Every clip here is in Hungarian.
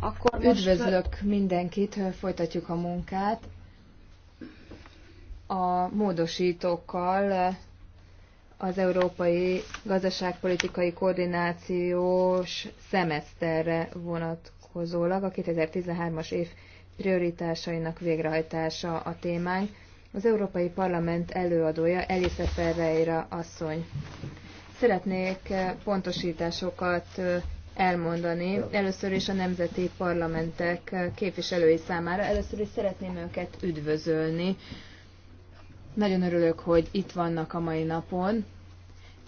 Akkor Üdvözlök mindenkit, folytatjuk a munkát. A módosítókkal az Európai Gazdaságpolitikai Koordinációs Szemeszterre vonatkozólag a 2013-as év prioritásainak végrehajtása a témánk. Az Európai Parlament előadója Elisa Ferreira asszony. Szeretnék pontosításokat elmondani. Először is a nemzeti parlamentek képviselői számára. Először is szeretném őket üdvözölni. Nagyon örülök, hogy itt vannak a mai napon.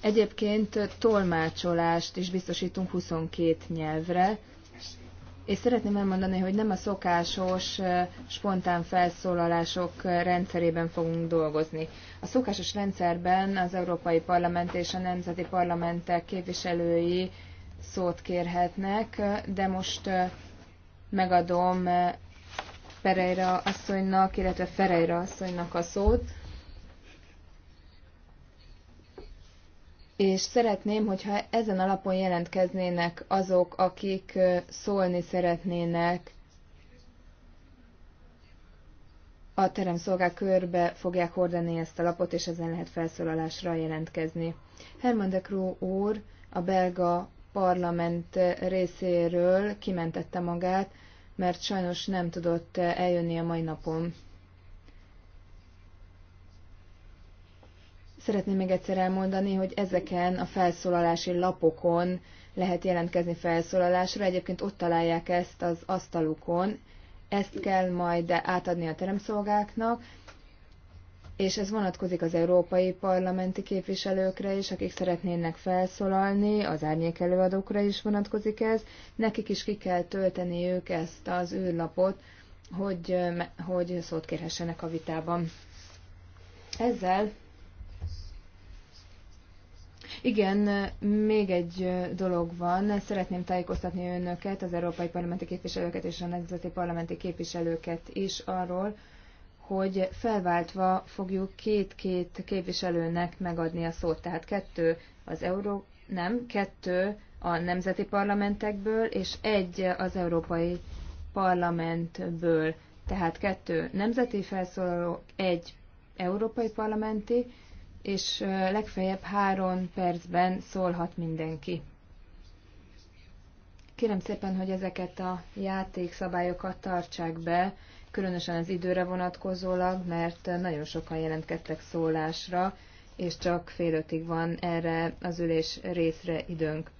Egyébként tolmácsolást is biztosítunk 22 nyelvre, és szeretném elmondani, hogy nem a szokásos, eh, spontán felszólalások rendszerében fogunk dolgozni. A szokásos rendszerben az Európai Parlament és a Nemzeti Parlamentek képviselői szót kérhetnek, de most megadom Pereira asszonynak, illetve Ferreira asszonynak a szót. És szeretném, hogyha ezen alapon jelentkeznének azok, akik szólni szeretnének, a teremszolgák körbe fogják hordani ezt a lapot, és ezen lehet felszólalásra jelentkezni. Herman de Croo úr, a belga parlament részéről kimentette magát, mert sajnos nem tudott eljönni a mai napon. Szeretném még egyszer elmondani, hogy ezeken a felszólalási lapokon lehet jelentkezni felszólalásra. Egyébként ott találják ezt az asztalukon. Ezt kell majd átadni a teremszolgáknak és ez vonatkozik az európai parlamenti képviselőkre is, akik szeretnének felszólalni, az árnyék előadókra is vonatkozik ez, nekik is ki kell tölteni ők ezt az űrlapot, hogy, hogy szót kérhessenek a vitában. Ezzel igen, még egy dolog van. Szeretném tájékoztatni önöket, az európai parlamenti képviselőket és a nemzeti parlamenti képviselőket is arról, hogy felváltva fogjuk két-két képviselőnek megadni a szót. Tehát kettő az euró, nem, kettő a nemzeti parlamentekből, és egy az Európai Parlamentből. Tehát kettő nemzeti felszólaló, egy európai parlamenti, és legfeljebb három percben szólhat mindenki. Kérem szépen, hogy ezeket a játékszabályokat tartsák be, különösen az időre vonatkozólag, mert nagyon sokan jelentkeztek szólásra, és csak fél ötig van erre az ülés részre időnk.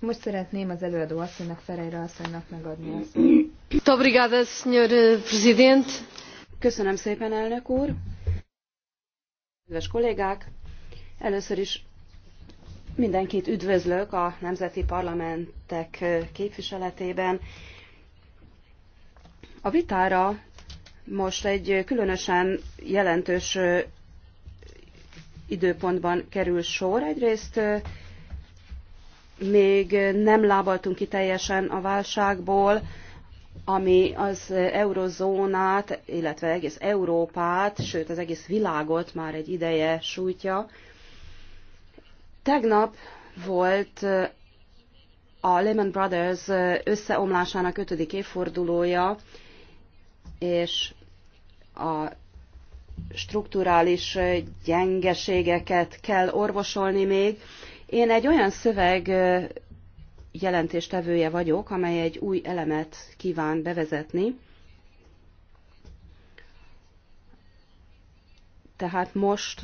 Most szeretném az előadó asszonynak, Ferejre asszonynak megadni a szót. Obrigada, senhor eh, president. Köszönöm szépen, elnök úr. Kedves kollégák, először is mindenkit üdvözlök a nemzeti parlamentek eh, képviseletében, a vitára most egy különösen jelentős időpontban kerül sor. Egyrészt még nem lábaltunk ki teljesen a válságból, ami az eurozónát, illetve egész Európát, sőt az egész világot már egy ideje sújtja. Tegnap volt a Lehman Brothers összeomlásának ötödik évfordulója, és a strukturális gyengeségeket kell orvosolni még. Én egy olyan szöveg jelentéstevője vagyok, amely egy új elemet kíván bevezetni. Tehát most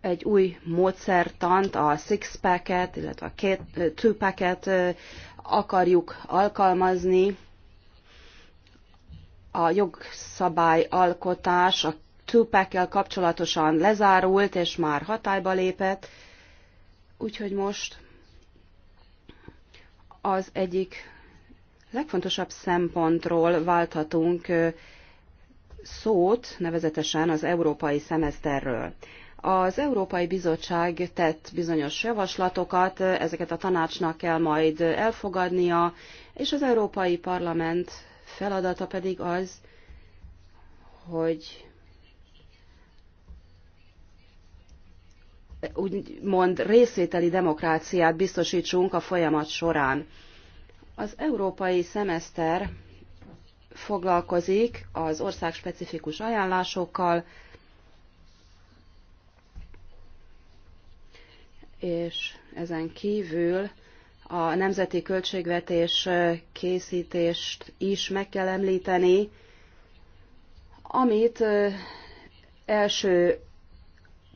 egy új módszertant, a six-packet, illetve a two-packet akarjuk alkalmazni, a jogszabályalkotás a Tupac-kel kapcsolatosan lezárult, és már hatályba lépett, úgyhogy most az egyik legfontosabb szempontról válthatunk szót, nevezetesen az európai szemeszterről. Az Európai Bizottság tett bizonyos javaslatokat, ezeket a tanácsnak kell majd elfogadnia, és az Európai Parlament feladata pedig az, hogy úgymond részvételi demokráciát biztosítsunk a folyamat során. Az európai szemeszter foglalkozik az ország specifikus ajánlásokkal, és ezen kívül a nemzeti költségvetés készítést is meg kell említeni, amit első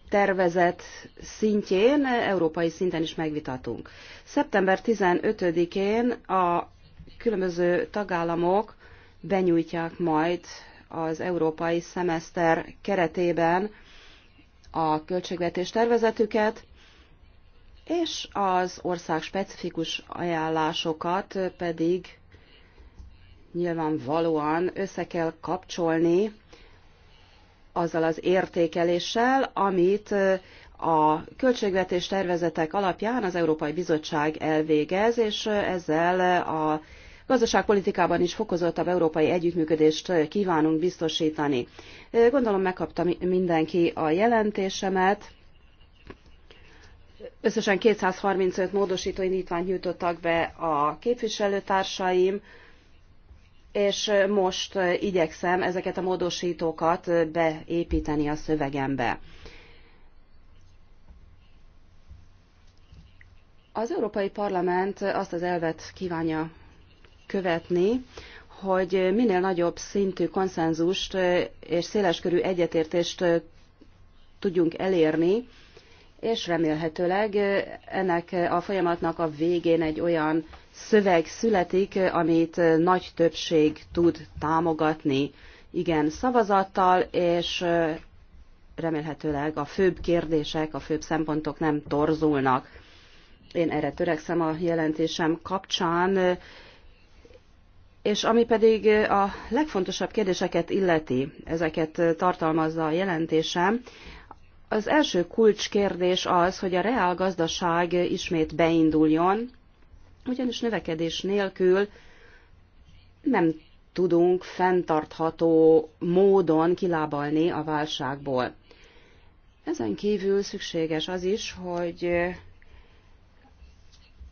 tervezet szintjén, európai szinten is megvitatunk. Szeptember 15-én a különböző tagállamok benyújtják majd az európai szemeszter keretében a költségvetés tervezetüket, és az ország specifikus ajánlásokat pedig nyilvánvalóan össze kell kapcsolni azzal az értékeléssel, amit a költségvetés tervezetek alapján az Európai Bizottság elvégez, és ezzel a gazdaságpolitikában is fokozottabb európai együttműködést kívánunk biztosítani. Gondolom megkapta mindenki a jelentésemet. Összesen 235 módosító indítványt nyújtottak be a képviselőtársaim, és most igyekszem ezeket a módosítókat beépíteni a szövegembe. Az Európai Parlament azt az elvet kívánja követni, hogy minél nagyobb szintű konszenzust és széleskörű egyetértést tudjunk elérni és remélhetőleg ennek a folyamatnak a végén egy olyan szöveg születik, amit nagy többség tud támogatni, igen szavazattal, és remélhetőleg a főbb kérdések, a főbb szempontok nem torzulnak. Én erre törekszem a jelentésem kapcsán, és ami pedig a legfontosabb kérdéseket illeti, ezeket tartalmazza a jelentésem, az első kulcskérdés az, hogy a reál gazdaság ismét beinduljon, ugyanis növekedés nélkül nem tudunk fenntartható módon kilábalni a válságból. Ezen kívül szükséges az is, hogy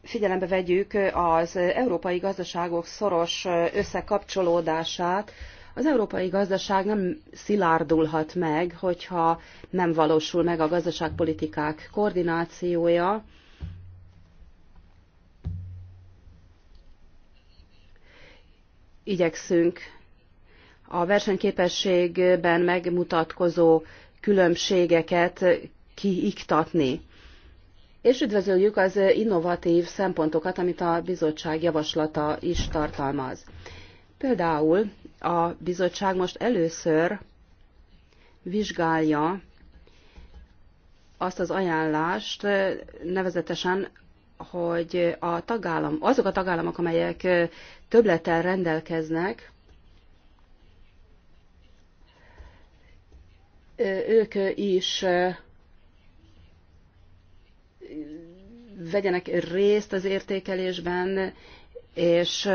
figyelembe vegyük az európai gazdaságok szoros összekapcsolódását, az európai gazdaság nem szilárdulhat meg, hogyha nem valósul meg a gazdaságpolitikák koordinációja, igyekszünk a versenyképességben megmutatkozó különbségeket kiiktatni. És üdvözöljük az innovatív szempontokat, amit a bizottság javaslata is tartalmaz. Például a bizottság most először vizsgálja azt az ajánlást, nevezetesen, hogy a tagállam, azok a tagállamok, amelyek többlettel rendelkeznek, ők is vegyenek részt az értékelésben, és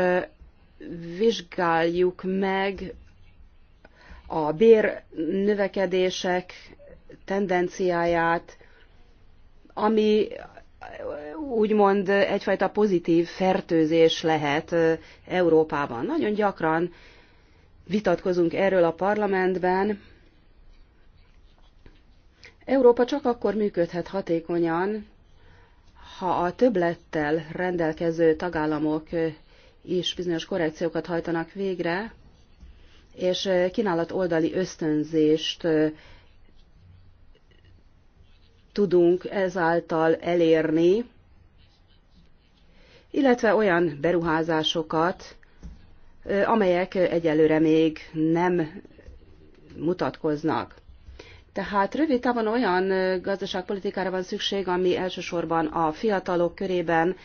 vizsgáljuk meg a bér növekedések tendenciáját, ami úgymond egyfajta pozitív fertőzés lehet Európában. Nagyon gyakran vitatkozunk erről a parlamentben. Európa csak akkor működhet hatékonyan, ha a többlettel rendelkező tagállamok is bizonyos korrekciókat hajtanak végre, és kínálat oldali ösztönzést tudunk ezáltal elérni, illetve olyan beruházásokat, amelyek egyelőre még nem mutatkoznak. Tehát rövid távon olyan gazdaságpolitikára van szükség, ami elsősorban a fiatalok körében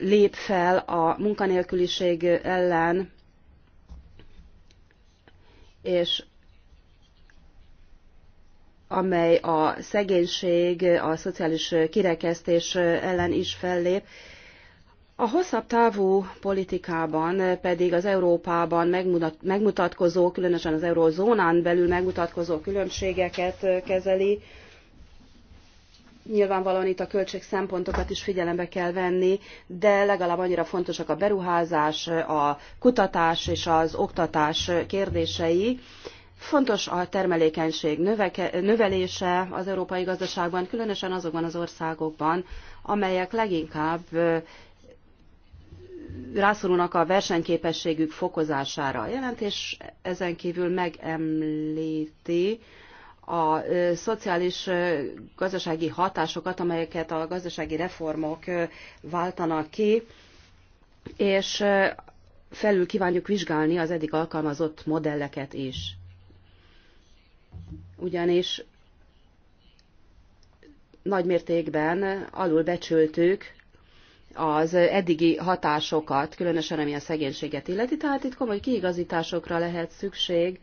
lép fel a munkanélküliség ellen, és amely a szegénység, a szociális kirekesztés ellen is fellép. A hosszabb távú politikában pedig az Európában megmutatkozó, különösen az eurózónán belül megmutatkozó különbségeket kezeli, Nyilvánvalóan itt a költség szempontokat is figyelembe kell venni, de legalább annyira fontosak a beruházás, a kutatás és az oktatás kérdései. Fontos a termelékenység növeke, növelése az európai gazdaságban, különösen azokban az országokban, amelyek leginkább rászorulnak a versenyképességük fokozására. A jelentés ezen kívül megemlíti a szociális gazdasági hatásokat, amelyeket a gazdasági reformok váltanak ki, és felül kívánjuk vizsgálni az eddig alkalmazott modelleket is. Ugyanis nagy mértékben alulbecsültük az eddigi hatásokat, különösen ami a szegénységet illeti, tehát itt komoly kiigazításokra lehet szükség,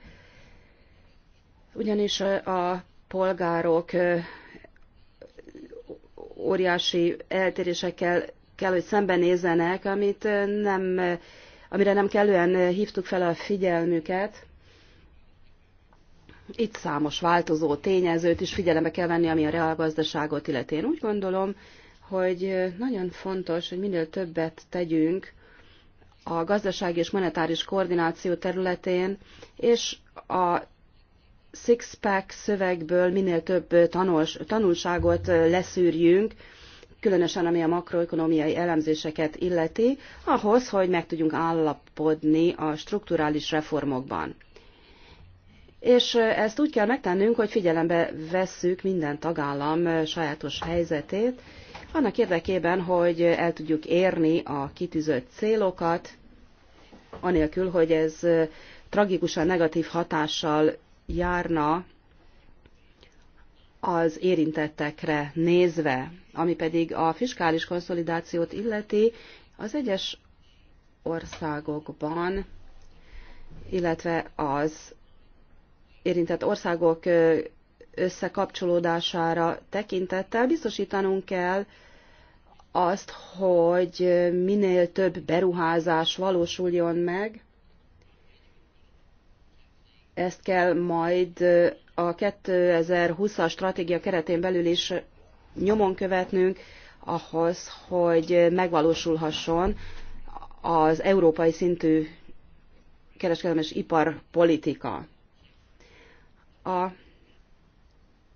ugyanis a polgárok óriási eltérésekkel kell, hogy szembenézzenek, amit nem, amire nem kellően hívtuk fel a figyelmüket. Itt számos változó tényezőt is figyelembe kell venni, ami a reálgazdaságot illeti. Én úgy gondolom, hogy nagyon fontos, hogy minél többet tegyünk a gazdasági és monetáris koordináció területén, és a six-pack szövegből minél több tanuls, tanulságot leszűrjünk, különösen ami a makroekonomiai elemzéseket illeti, ahhoz, hogy meg tudjunk állapodni a strukturális reformokban. És ezt úgy kell megtennünk, hogy figyelembe vesszük minden tagállam sajátos helyzetét, annak érdekében, hogy el tudjuk érni a kitűzött célokat, anélkül, hogy ez tragikusan negatív hatással járna az érintettekre nézve, ami pedig a fiskális konszolidációt illeti, az egyes országokban, illetve az érintett országok összekapcsolódására tekintettel biztosítanunk kell azt, hogy minél több beruházás valósuljon meg, ezt kell majd a 2020-as stratégia keretén belül is nyomon követnünk ahhoz, hogy megvalósulhasson az európai szintű kereskedelmi és iparpolitika. A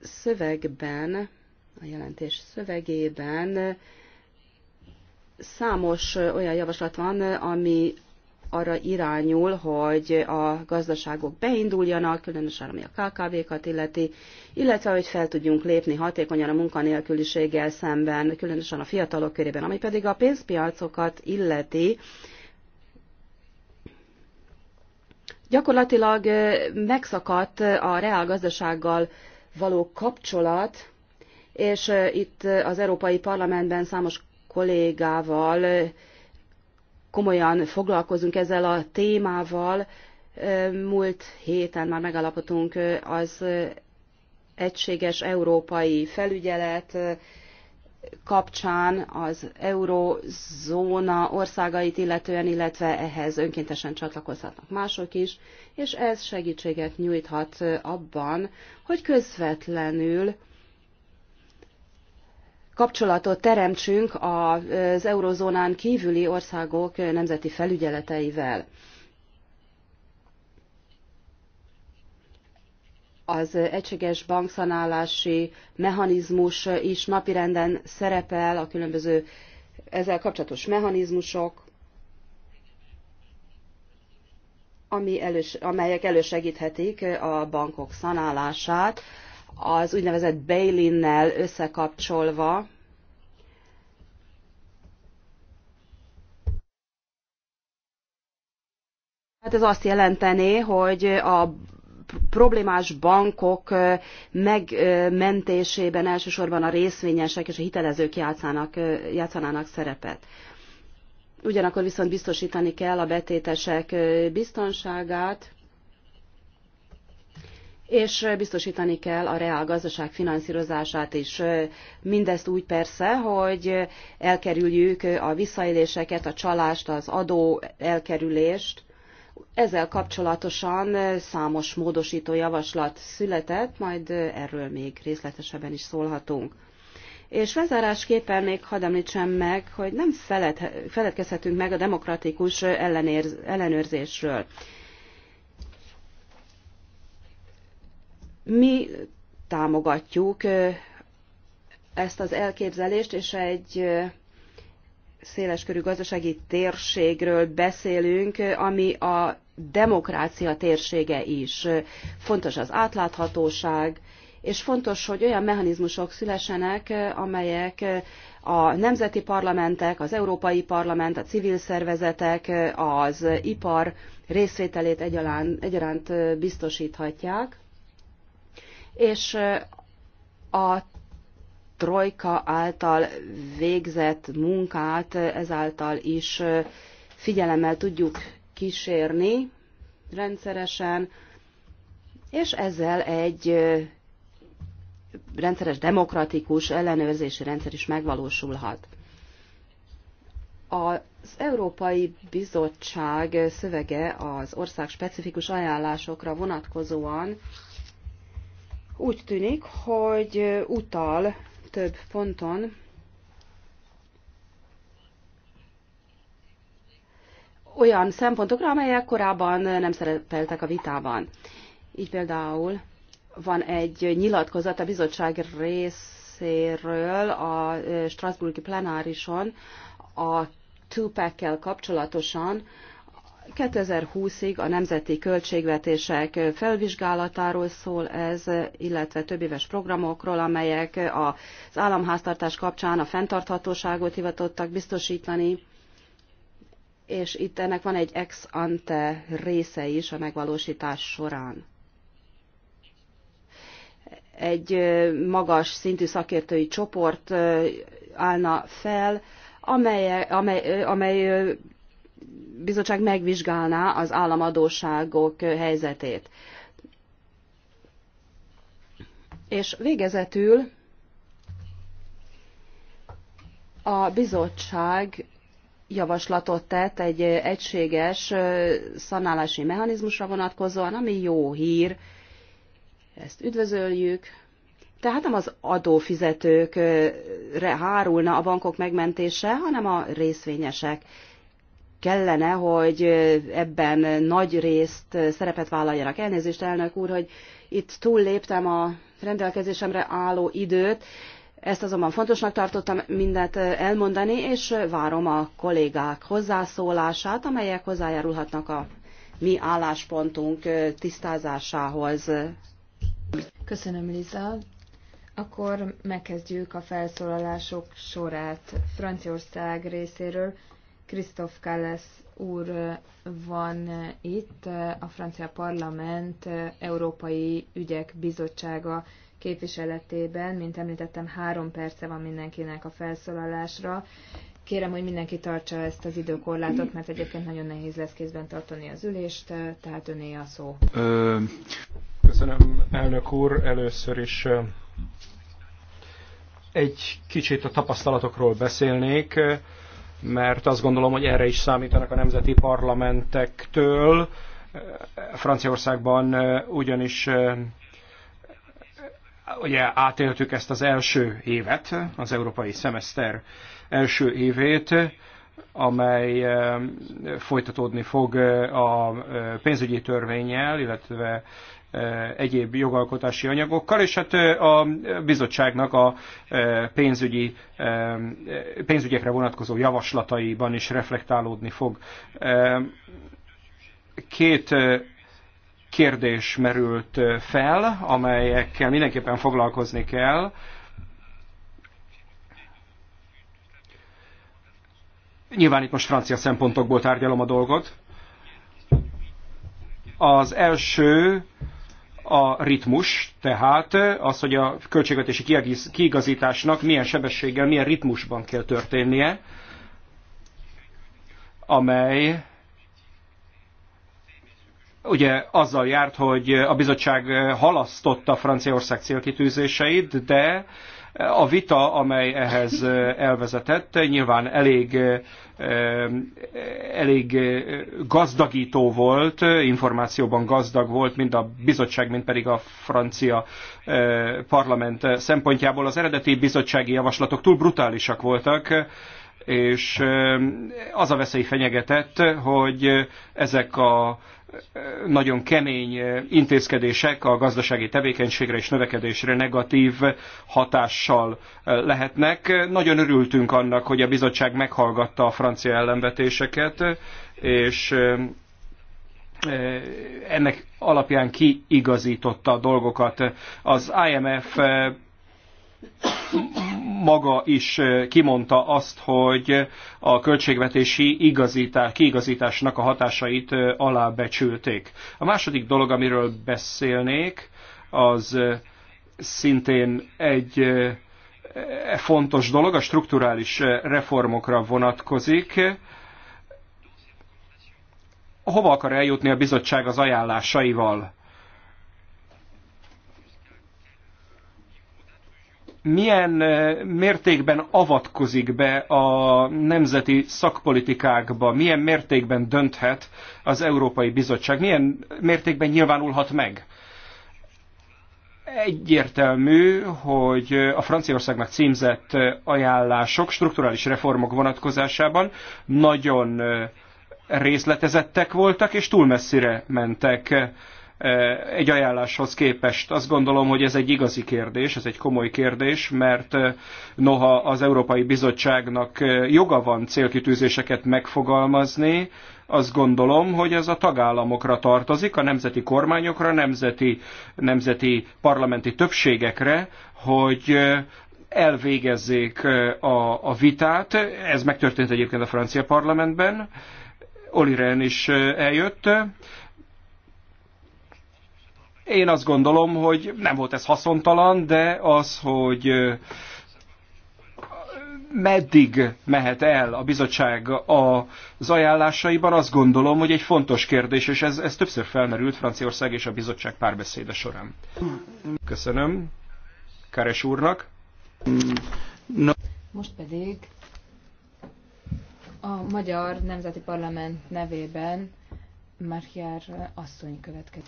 szövegben, a jelentés szövegében számos olyan javaslat van, ami arra irányul, hogy a gazdaságok beinduljanak, különösen ami a KKV-kat illeti, illetve hogy fel tudjunk lépni hatékonyan a munkanélküliséggel szemben, különösen a fiatalok körében, ami pedig a pénzpiacokat illeti, gyakorlatilag megszakadt a reálgazdasággal való kapcsolat, és itt az Európai Parlamentben számos kollégával komolyan foglalkozunk ezzel a témával. Múlt héten már megalapotunk az egységes európai felügyelet kapcsán az eurozóna országait illetően, illetve ehhez önkéntesen csatlakozhatnak mások is, és ez segítséget nyújthat abban, hogy közvetlenül kapcsolatot teremtsünk az eurozónán kívüli országok nemzeti felügyeleteivel. az egységes bankszanálási mechanizmus is napirenden szerepel, a különböző ezzel kapcsolatos mechanizmusok, ami elős, amelyek elősegíthetik a bankok szanálását az úgynevezett Bailinnel összekapcsolva, Hát ez azt jelentené, hogy a problémás bankok megmentésében elsősorban a részvényesek és a hitelezők játszának, játszanának szerepet. Ugyanakkor viszont biztosítani kell a betétesek biztonságát, és biztosítani kell a reál gazdaság finanszírozását is. Mindezt úgy persze, hogy elkerüljük a visszaéléseket, a csalást, az adó elkerülést. Ezzel kapcsolatosan számos módosító javaslat született, majd erről még részletesebben is szólhatunk. És lezárásképpen még hadd említsem meg, hogy nem feledkezhetünk meg a demokratikus ellenőrzésről. Mi támogatjuk ezt az elképzelést, és egy széleskörű gazdasági térségről beszélünk, ami a demokrácia térsége is. Fontos az átláthatóság, és fontos, hogy olyan mechanizmusok szülessenek, amelyek a nemzeti parlamentek, az Európai Parlament, a civil szervezetek, az ipar részvételét egyaránt biztosíthatják és a trojka által végzett munkát ezáltal is figyelemmel tudjuk kísérni rendszeresen, és ezzel egy rendszeres demokratikus ellenőrzési rendszer is megvalósulhat. Az Európai Bizottság szövege az ország specifikus ajánlásokra vonatkozóan úgy tűnik, hogy utal több ponton olyan szempontokra, amelyek korábban nem szerepeltek a vitában. Így például van egy nyilatkozat a bizottság részéről a Strasburgi plenárison a Tupac-kel kapcsolatosan, 2020-ig a nemzeti költségvetések felvizsgálatáról szól ez, illetve többéves programokról, amelyek az államháztartás kapcsán a fenntarthatóságot hivatottak biztosítani, és itt ennek van egy ex ante része is a megvalósítás során. Egy magas szintű szakértői csoport állna fel, amely, amely, amely bizottság megvizsgálná az államadóságok helyzetét. És végezetül a bizottság javaslatot tett egy egységes szanálási mechanizmusra vonatkozóan, ami jó hír, ezt üdvözöljük. Tehát nem az adófizetőkre hárulna a bankok megmentése, hanem a részvényesek kellene, hogy ebben nagy részt szerepet vállaljanak. Elnézést, elnök úr, hogy itt túlléptem a rendelkezésemre álló időt, ezt azonban fontosnak tartottam mindent elmondani, és várom a kollégák hozzászólását, amelyek hozzájárulhatnak a mi álláspontunk tisztázásához. Köszönöm, Liza. Akkor megkezdjük a felszólalások sorát Franciaország részéről. Krisztof Kallesz úr van itt, a francia parlament Európai Ügyek Bizottsága képviseletében. Mint említettem, három perce van mindenkinek a felszólalásra. Kérem, hogy mindenki tartsa ezt az időkorlátot, mert egyébként nagyon nehéz lesz kézben tartani az ülést, tehát öné a szó. köszönöm, elnök úr. Először is egy kicsit a tapasztalatokról beszélnék mert azt gondolom, hogy erre is számítanak a nemzeti parlamentektől. Franciaországban ugyanis ugye átéltük ezt az első évet, az európai szemeszter első évét, amely folytatódni fog a pénzügyi törvényel, illetve egyéb jogalkotási anyagokkal, és hát a bizottságnak a pénzügyi, pénzügyekre vonatkozó javaslataiban is reflektálódni fog. Két kérdés merült fel, amelyekkel mindenképpen foglalkozni kell. Nyilván itt most francia szempontokból tárgyalom a dolgot. Az első a ritmus, tehát az, hogy a költségvetési kiigazításnak milyen sebességgel, milyen ritmusban kell történnie, amely ugye azzal járt, hogy a bizottság halasztotta Franciaország célkitűzéseit, de a vita, amely ehhez elvezetett, nyilván elég, elég gazdagító volt, információban gazdag volt, mind a bizottság, mind pedig a francia parlament szempontjából. Az eredeti bizottsági javaslatok túl brutálisak voltak, és az a veszély fenyegetett, hogy ezek a nagyon kemény intézkedések a gazdasági tevékenységre és növekedésre negatív hatással lehetnek. Nagyon örültünk annak, hogy a bizottság meghallgatta a francia ellenvetéseket, és ennek alapján kiigazította a dolgokat. Az IMF maga is kimondta azt, hogy a költségvetési igazítás, kiigazításnak a hatásait alábecsülték. A második dolog, amiről beszélnék, az szintén egy e, fontos dolog, a strukturális reformokra vonatkozik. Hova akar eljutni a bizottság az ajánlásaival? milyen mértékben avatkozik be a nemzeti szakpolitikákba, milyen mértékben dönthet az Európai Bizottság, milyen mértékben nyilvánulhat meg? Egyértelmű, hogy a Franciaországnak címzett ajánlások strukturális reformok vonatkozásában nagyon részletezettek voltak, és túl messzire mentek Eh, egy ajánláshoz képest. Azt gondolom, hogy ez egy igazi kérdés, ez egy komoly kérdés, mert eh, noha az Európai Bizottságnak eh, joga van célkitűzéseket megfogalmazni, azt gondolom, hogy ez a tagállamokra tartozik, a nemzeti kormányokra, nemzeti, nemzeti parlamenti többségekre, hogy elvégezzék a, a vitát. Ez megtörtént egyébként a francia parlamentben. Oli Rehn is eljött, én azt gondolom, hogy nem volt ez haszontalan, de az, hogy meddig mehet el a bizottság az ajánlásaiban, azt gondolom, hogy egy fontos kérdés, és ez, ez többször felmerült Franciaország és a bizottság párbeszéde során. Köszönöm Keres úrnak. Most pedig a Magyar Nemzeti Parlament nevében Márkiár asszony következik.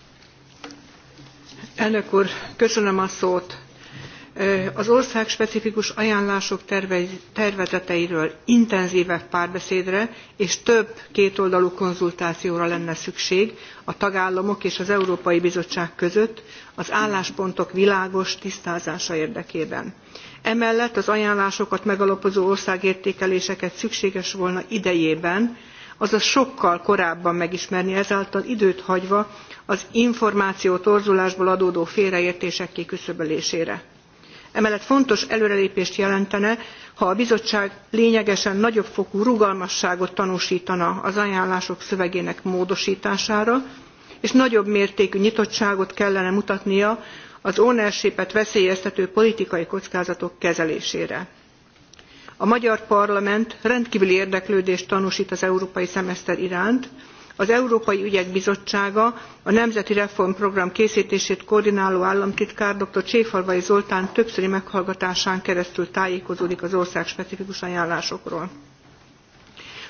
Elnök úr, köszönöm a szót. Az ország specifikus ajánlások tervezeteiről intenzívebb párbeszédre és több kétoldalú konzultációra lenne szükség a tagállamok és az Európai Bizottság között az álláspontok világos tisztázása érdekében. Emellett az ajánlásokat megalapozó országértékeléseket szükséges volna idejében, azaz sokkal korábban megismerni, ezáltal időt hagyva az információ torzulásból adódó félreértések kiküszöbölésére. emellett fontos előrelépést jelentene ha a bizottság lényegesen nagyobb fokú rugalmasságot tanústana az ajánlások szövegének módostására és nagyobb mértékű nyitottságot kellene mutatnia az ownership et veszélyeztető politikai kockázatok kezelésére. a magyar parlament rendkvüli érdeklődést tanúst az európai szemeszter iránt az európai ügyek bizottsága a nemzeti reformprogram késztését koordináló államtitkár dr. cséfalvai zoltán többszöri meghallgatásán keresztül tájékozódik az ország specifikus ajánlásokról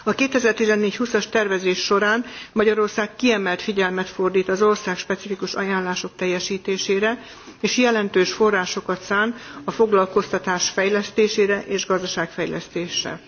a two thousand and fourteen twenty as tervezés során magyarország kiemelt figyelmet fordt az ország specifikus ajánlások teljestésére és jelentős forrásokat szán a foglalkoztatás fejlesztésére és gazdaságfejlesztésre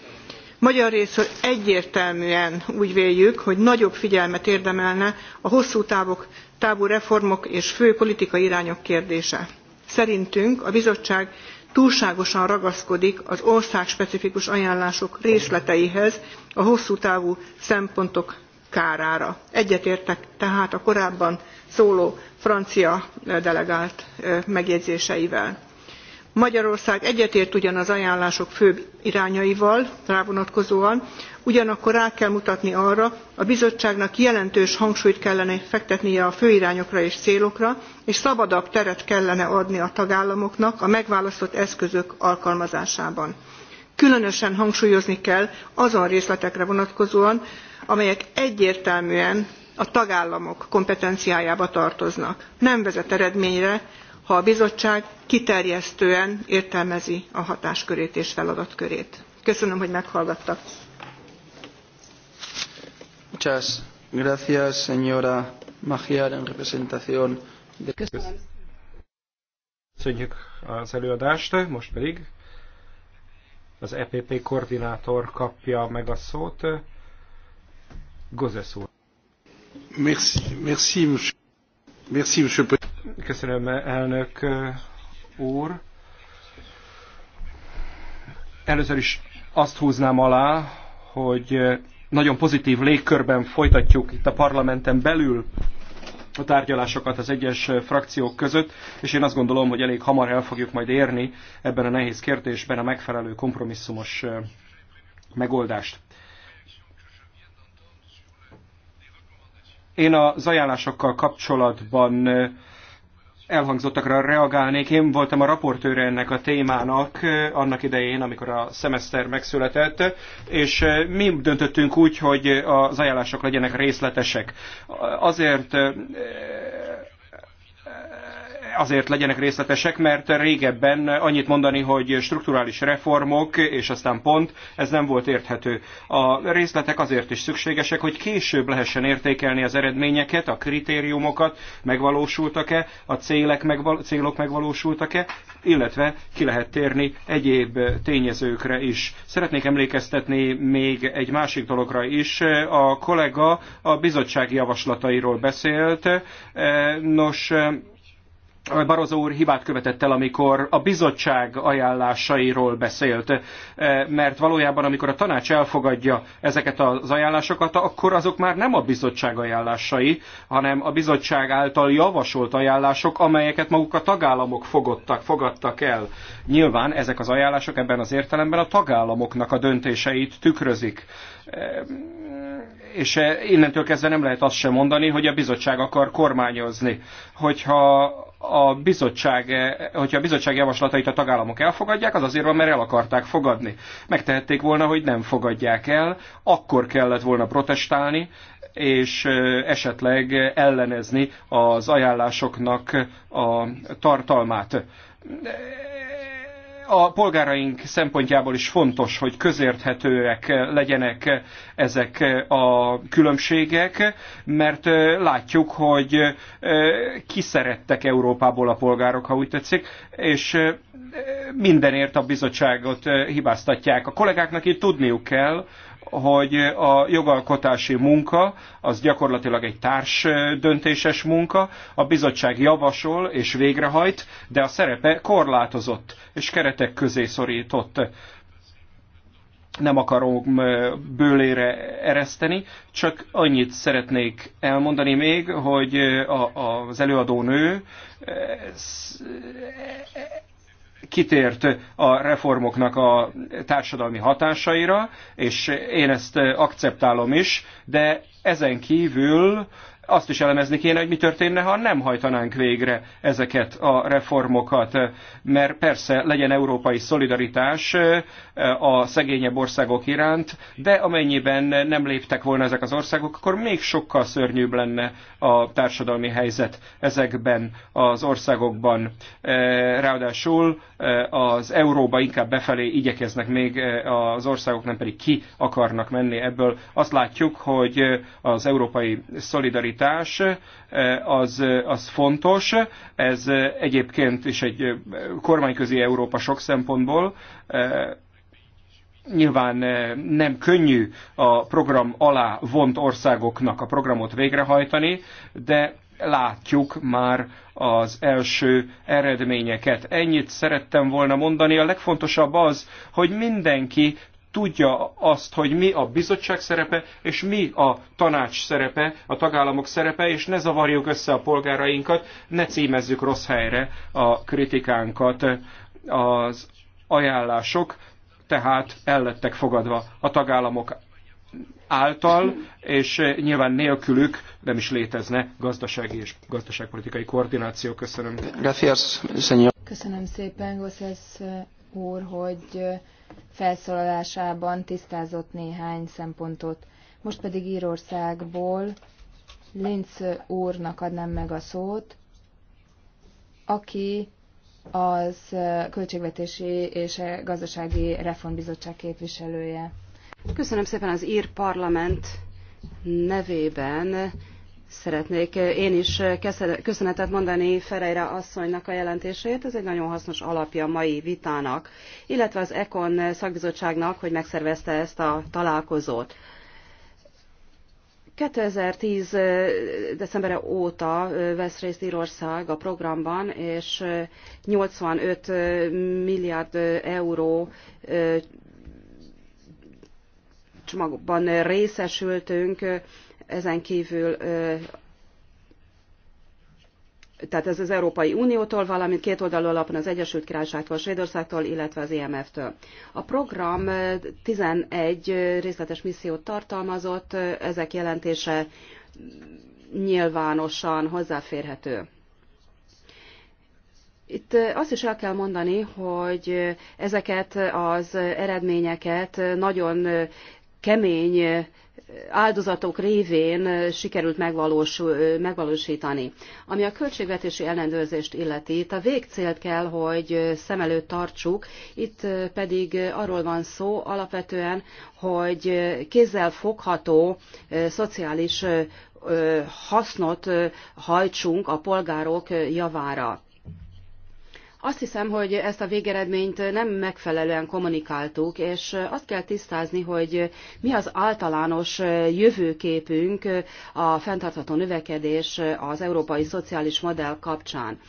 magyar részről egyértelműen úgy véljük hogy nagyobb figyelmet érdemelne a hosszú távok, távú reformok és fő politikai irányok kérdése. szerintünk a bizottság túlságosan ragaszkodik az országspecifikus ajánlások részleteihez a hosszú távú szempontok kárára. egyetértek tehát a korábban szóló francia delegált megjegyzéseivel magyarország egyetért ugyan az ajánlások főbb irányaival rá vonatkozóan ugyanakkor rá kell mutatni arra a bizottságnak jelentős hangsúlyt kellene fektetnie a fő irányokra és célokra és szabadabb teret kellene adni a tagállamoknak a megválasztott eszközök alkalmazásában. különösen hangsúlyozni kell azon részletekre vonatkozóan amelyek egyértelműen a tagállamok kompetenciájába tartoznak. nem vezet eredményre ha a bizottság kiterjesztően értelmezi a hatáskörét és feladatkörét. Köszönöm, hogy meghallgattak. Muchas gracias, señora Magyar, en representación de... Köszönöm. Köszönjük az előadást, most pedig az EPP koordinátor kapja meg a szót. Gozesz úr. Merci, merci, monsieur. Merci, monsieur. Köszönöm, elnök úr. Először is azt húznám alá, hogy nagyon pozitív légkörben folytatjuk itt a parlamenten belül a tárgyalásokat az egyes frakciók között, és én azt gondolom, hogy elég hamar el fogjuk majd érni ebben a nehéz kérdésben a megfelelő kompromisszumos megoldást. Én az ajánlásokkal kapcsolatban elhangzottakra reagálnék. Én voltam a raportőre ennek a témának annak idején, amikor a szemeszter megszületett, és mi döntöttünk úgy, hogy az ajánlások legyenek részletesek. Azért azért legyenek részletesek, mert régebben annyit mondani, hogy strukturális reformok, és aztán pont, ez nem volt érthető. A részletek azért is szükségesek, hogy később lehessen értékelni az eredményeket, a kritériumokat, megvalósultak-e, a célek megval- célok megvalósultak-e, illetve ki lehet térni egyéb tényezőkre is. Szeretnék emlékeztetni még egy másik dologra is. A kollega a bizottsági javaslatairól beszélt. Nos, Barozó úr hibát követett el, amikor a bizottság ajánlásairól beszélt, eh, mert valójában amikor a tanács elfogadja ezeket az ajánlásokat, akkor azok már nem a bizottság ajánlásai, hanem a bizottság által javasolt ajánlások, amelyeket maguk a tagállamok fogottak, fogadtak el. Nyilván ezek az ajánlások ebben az értelemben a tagállamoknak a döntéseit tükrözik eh, és eh, innentől kezdve nem lehet azt sem mondani, hogy a bizottság akar kormányozni. Hogyha a bizottság, hogyha a bizottság javaslatait a tagállamok elfogadják, az azért van, mert el akarták fogadni. Megtehették volna, hogy nem fogadják el, akkor kellett volna protestálni, és esetleg ellenezni az ajánlásoknak a tartalmát a polgáraink szempontjából is fontos, hogy közérthetőek legyenek ezek a különbségek, mert látjuk, hogy kiszerettek Európából a polgárok, ha úgy tetszik, és mindenért a bizottságot hibáztatják. A kollégáknak itt tudniuk kell, hogy a jogalkotási munka az gyakorlatilag egy társ döntéses munka, a bizottság javasol és végrehajt, de a szerepe korlátozott és keretek közé szorított. Nem akarom bőlére ereszteni, csak annyit szeretnék elmondani még, hogy az előadó nő kitért a reformoknak a társadalmi hatásaira, és én ezt akceptálom is, de ezen kívül azt is elemezni kéne, hogy mi történne, ha nem hajtanánk végre ezeket a reformokat. Mert persze legyen európai szolidaritás a szegényebb országok iránt, de amennyiben nem léptek volna ezek az országok, akkor még sokkal szörnyűbb lenne a társadalmi helyzet ezekben az országokban. Ráadásul az euróba inkább befelé igyekeznek még az országok, nem pedig ki akarnak menni ebből. Azt látjuk, hogy az európai szolidaritás szolidaritás eh, az, eh, az fontos, ez eh, egyébként is egy kormányközi Európa sok szempontból, nyilván nem könnyű a program alá vont országoknak a programot végrehajtani, de látjuk már az első eredményeket. Ennyit szerettem volna mondani. A legfontosabb az, hogy mindenki tudja azt, hogy mi a bizottság szerepe, és mi a tanács szerepe, a tagállamok szerepe, és ne zavarjuk össze a polgárainkat, ne címezzük rossz helyre a kritikánkat. Az ajánlások tehát ellettek fogadva a tagállamok által, és nyilván nélkülük nem is létezne gazdasági és gazdaságpolitikai koordináció. Köszönöm. Köszönöm szépen, Gossesz eh, úr, hogy eh, felszólalásában tisztázott néhány szempontot. Most pedig Írországból Linz úrnak adnám meg a szót, aki az Költségvetési és Gazdasági Reformbizottság képviselője. Köszönöm szépen az Ír Parlament nevében Szeretnék én is köszönetet mondani Ferejre asszonynak a jelentését, ez egy nagyon hasznos alapja a mai vitának, illetve az ECON szakbizottságnak, hogy megszervezte ezt a találkozót. 2010. december óta vesz részt Írország a programban, és 85 milliárd euró csomagban részesültünk, ezen kívül tehát ez az Európai Uniótól, valamint oldalú alapon az Egyesült Királyságtól, Svédországtól, illetve az IMF-től. A program 11 részletes missziót tartalmazott, ezek jelentése nyilvánosan hozzáférhető. Itt azt is el kell mondani, hogy ezeket az eredményeket nagyon kemény áldozatok révén sikerült megvalósítani. Ami a költségvetési ellenőrzést illeti, itt a végcélt kell, hogy szem előtt tartsuk, itt pedig arról van szó alapvetően, hogy kézzel fogható szociális hasznot hajtsunk a polgárok javára. Azt hiszem, hogy ezt a végeredményt nem megfelelően kommunikáltuk, és azt kell tisztázni, hogy mi az általános jövőképünk a fenntartható növekedés az európai szociális modell kapcsán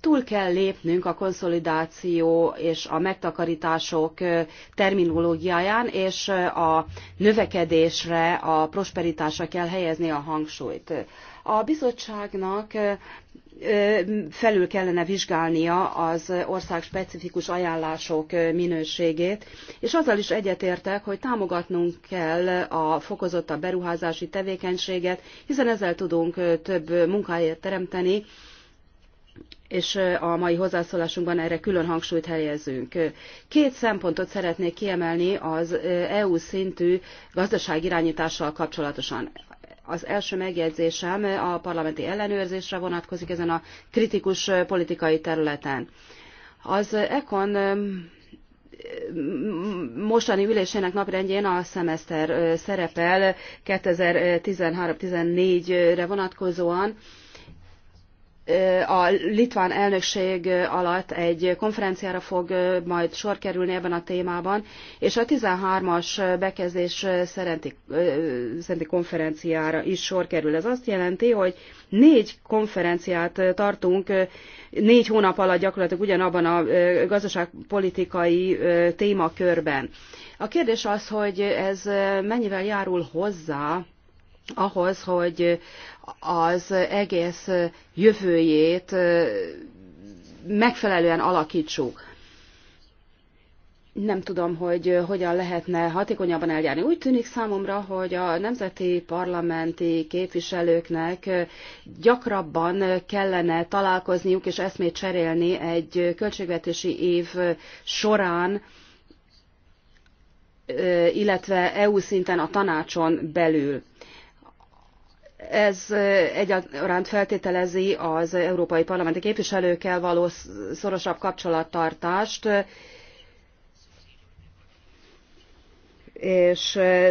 túl kell lépnünk a konszolidáció és a megtakarítások terminológiáján, és a növekedésre, a prosperitásra kell helyezni a hangsúlyt. A bizottságnak felül kellene vizsgálnia az ország specifikus ajánlások minőségét, és azzal is egyetértek, hogy támogatnunk kell a fokozottabb beruházási tevékenységet, hiszen ezzel tudunk több munkahelyet teremteni, és a mai hozzászólásunkban erre külön hangsúlyt helyezünk. Két szempontot szeretnék kiemelni az EU szintű gazdaságirányítással kapcsolatosan. Az első megjegyzésem a parlamenti ellenőrzésre vonatkozik ezen a kritikus politikai területen. Az ECON mostani ülésének naprendjén a szemeszter szerepel 2013-14-re vonatkozóan, a litván elnökség alatt egy konferenciára fog majd sor kerülni ebben a témában, és a 13-as bekezdés szerinti, szerinti konferenciára is sor kerül. Ez azt jelenti, hogy négy konferenciát tartunk négy hónap alatt gyakorlatilag ugyanabban a gazdaságpolitikai témakörben. A kérdés az, hogy ez mennyivel járul hozzá ahhoz, hogy az egész jövőjét megfelelően alakítsuk. Nem tudom, hogy hogyan lehetne hatékonyabban eljárni. Úgy tűnik számomra, hogy a nemzeti parlamenti képviselőknek gyakrabban kellene találkozniuk és eszmét cserélni egy költségvetési év során, illetve EU szinten a tanácson belül ez eh, egyaránt feltételezi az európai parlamenti képviselőkkel való szorosabb kapcsolattartást, és eh,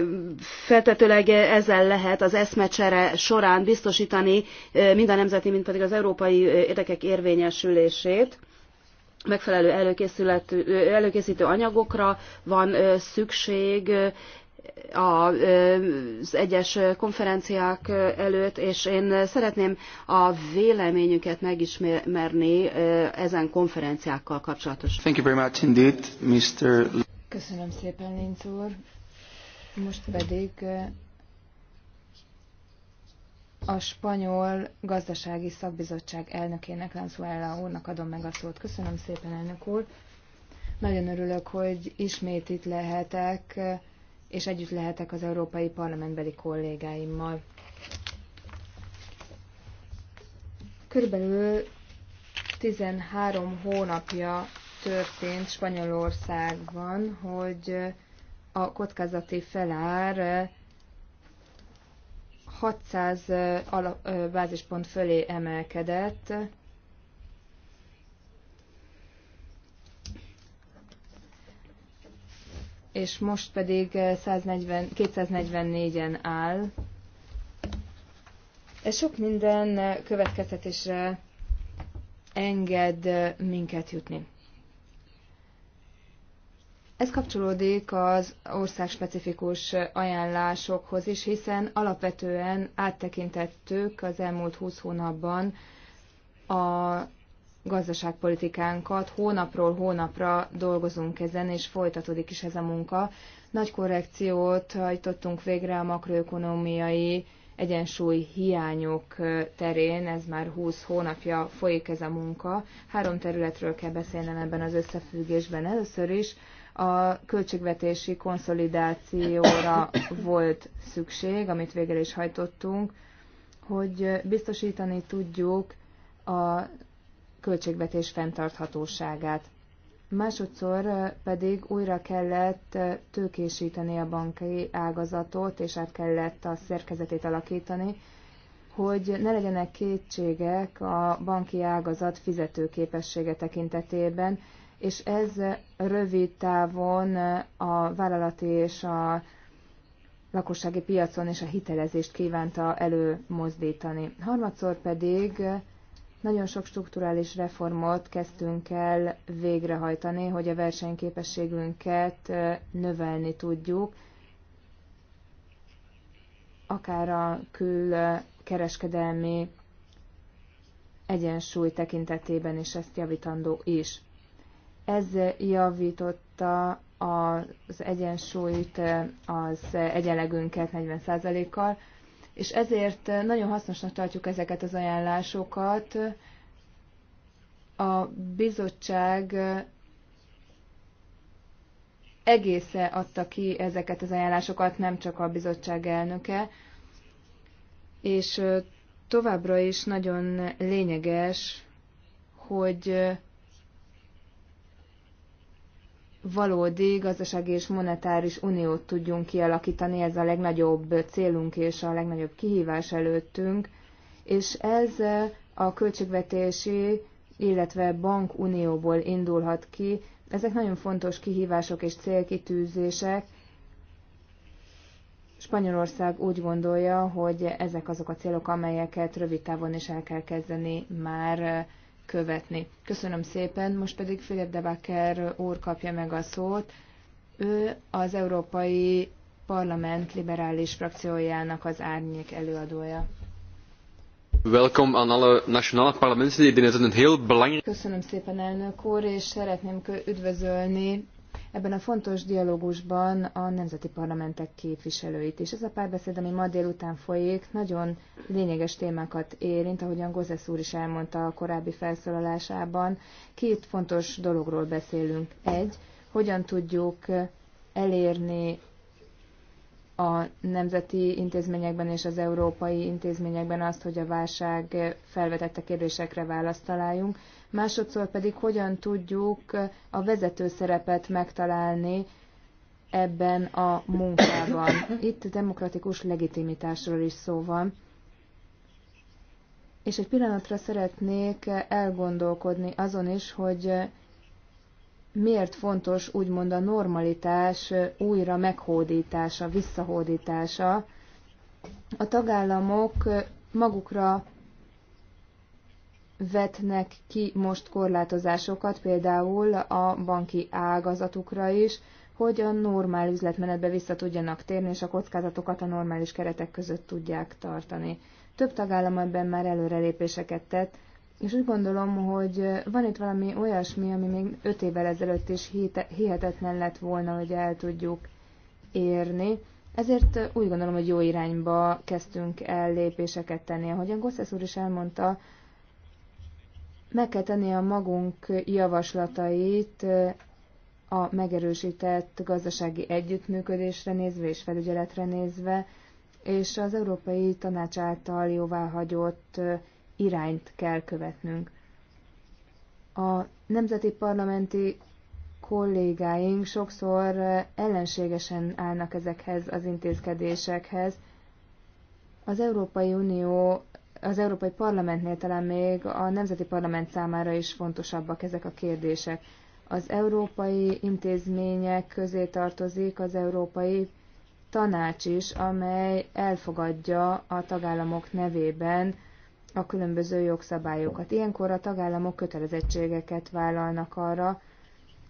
feltetőleg ezzel lehet az eszmecsere során biztosítani eh, mind a nemzeti, mind pedig az európai érdekek érvényesülését. Megfelelő előkészítő anyagokra van szükség, az egyes konferenciák előtt, és én szeretném a véleményüket megismerni ezen konferenciákkal kapcsolatosan. Thank you very much indeed, Mr. Köszönöm szépen, Linz úr. Most pedig a spanyol gazdasági szakbizottság elnökének, Lanzuela úrnak adom meg a szót. Köszönöm szépen, elnök úr. Nagyon örülök, hogy ismét itt lehetek és együtt lehetek az európai parlamentbeli kollégáimmal. Körülbelül 13 hónapja történt Spanyolországban, hogy a kockázati felár 600 bázispont fölé emelkedett, és most pedig 140, eh, 244-en áll. Ez sok minden eh, következtetésre enged eh, minket jutni. Ez kapcsolódik az országspecifikus ajánlásokhoz is, hiszen alapvetően áttekintettük az elmúlt 20 hónapban a gazdaságpolitikánkat. Hónapról hónapra dolgozunk ezen, és folytatódik is ez a munka. Nagy korrekciót hajtottunk végre a makroökonomiai egyensúly hiányok terén, ez már 20 hónapja folyik ez a munka. Három területről kell beszélnem ebben az összefüggésben. Először is a költségvetési konszolidációra volt szükség, amit végre is hajtottunk, hogy biztosítani tudjuk a költségvetés fenntarthatóságát. Másodszor pedig újra kellett tőkésíteni a banki ágazatot, és át kellett a szerkezetét alakítani, hogy ne legyenek kétségek a banki ágazat fizetőképessége tekintetében, és ez rövid távon a vállalati és a lakossági piacon és a hitelezést kívánta előmozdítani. Harmadszor pedig nagyon sok strukturális reformot kezdtünk el végrehajtani, hogy a versenyképességünket növelni tudjuk, akár a külkereskedelmi egyensúly tekintetében is ezt javítandó is. Ez javította az egyensúlyt, az egyenlegünket 40%-kal, és ezért eh, nagyon hasznosnak tartjuk ezeket az ajánlásokat. A bizottság eh, egésze adta ki ezeket az ajánlásokat, nem csak a bizottság elnöke, és eh, továbbra is nagyon lényeges, hogy valódi gazdasági és monetáris uniót tudjunk kialakítani, ez a legnagyobb célunk és a legnagyobb kihívás előttünk, és ez a költségvetési, illetve bankunióból indulhat ki. Ezek nagyon fontos kihívások és célkitűzések. Spanyolország úgy gondolja, hogy ezek azok a célok, amelyeket rövid távon is el kell kezdeni már követni. Köszönöm szépen, most pedig Philip Debaker úr kapja meg a szót. Ő az Európai Parlament liberális frakciójának az árnyék előadója. Welkom aan alle nationale parlementsleden. Het is een heel belangrijk... Köszönöm szépen, elnök úr, és szeretném üdvözölni ebben a fontos dialógusban a nemzeti parlamentek képviselőit és Ez a párbeszéd, ami ma délután folyik, nagyon lényeges témákat érint, ahogyan Gozesz úr is elmondta a korábbi felszólalásában. Két fontos dologról beszélünk. Egy, hogyan tudjuk elérni a nemzeti intézményekben és az európai intézményekben azt, hogy a válság felvetette kérdésekre választ találjunk, másodszor pedig hogyan tudjuk a vezető szerepet megtalálni ebben a munkában. Itt demokratikus legitimitásról is szó van. És egy pillanatra szeretnék elgondolkodni azon is, hogy miért fontos úgymond a normalitás újra meghódítása, visszahódítása. A tagállamok magukra vetnek ki most korlátozásokat, például a banki ágazatukra is, hogy a normál üzletmenetbe vissza tudjanak térni, és a kockázatokat a normális keretek között tudják tartani. Több tagállam ebben már előrelépéseket tett, és úgy gondolom, hogy van itt valami olyasmi, ami még 5 évvel ezelőtt is hihetetlen lett volna, hogy el tudjuk érni. Ezért úgy gondolom, hogy jó irányba kezdtünk el lépéseket tenni. Ahogyan Gosszesz úr is elmondta, meg kell tenni a magunk javaslatait a megerősített gazdasági együttműködésre nézve és felügyeletre nézve, és az Európai Tanács által jóváhagyott irányt kell követnünk. A nemzeti parlamenti kollégáink sokszor ellenségesen állnak ezekhez az intézkedésekhez. Az Európai Unió az Európai Parlamentnél talán még a Nemzeti Parlament számára is fontosabbak ezek a kérdések. Az európai intézmények közé tartozik az Európai Tanács is, amely elfogadja a tagállamok nevében a különböző jogszabályokat. Ilyenkor a tagállamok kötelezettségeket vállalnak arra,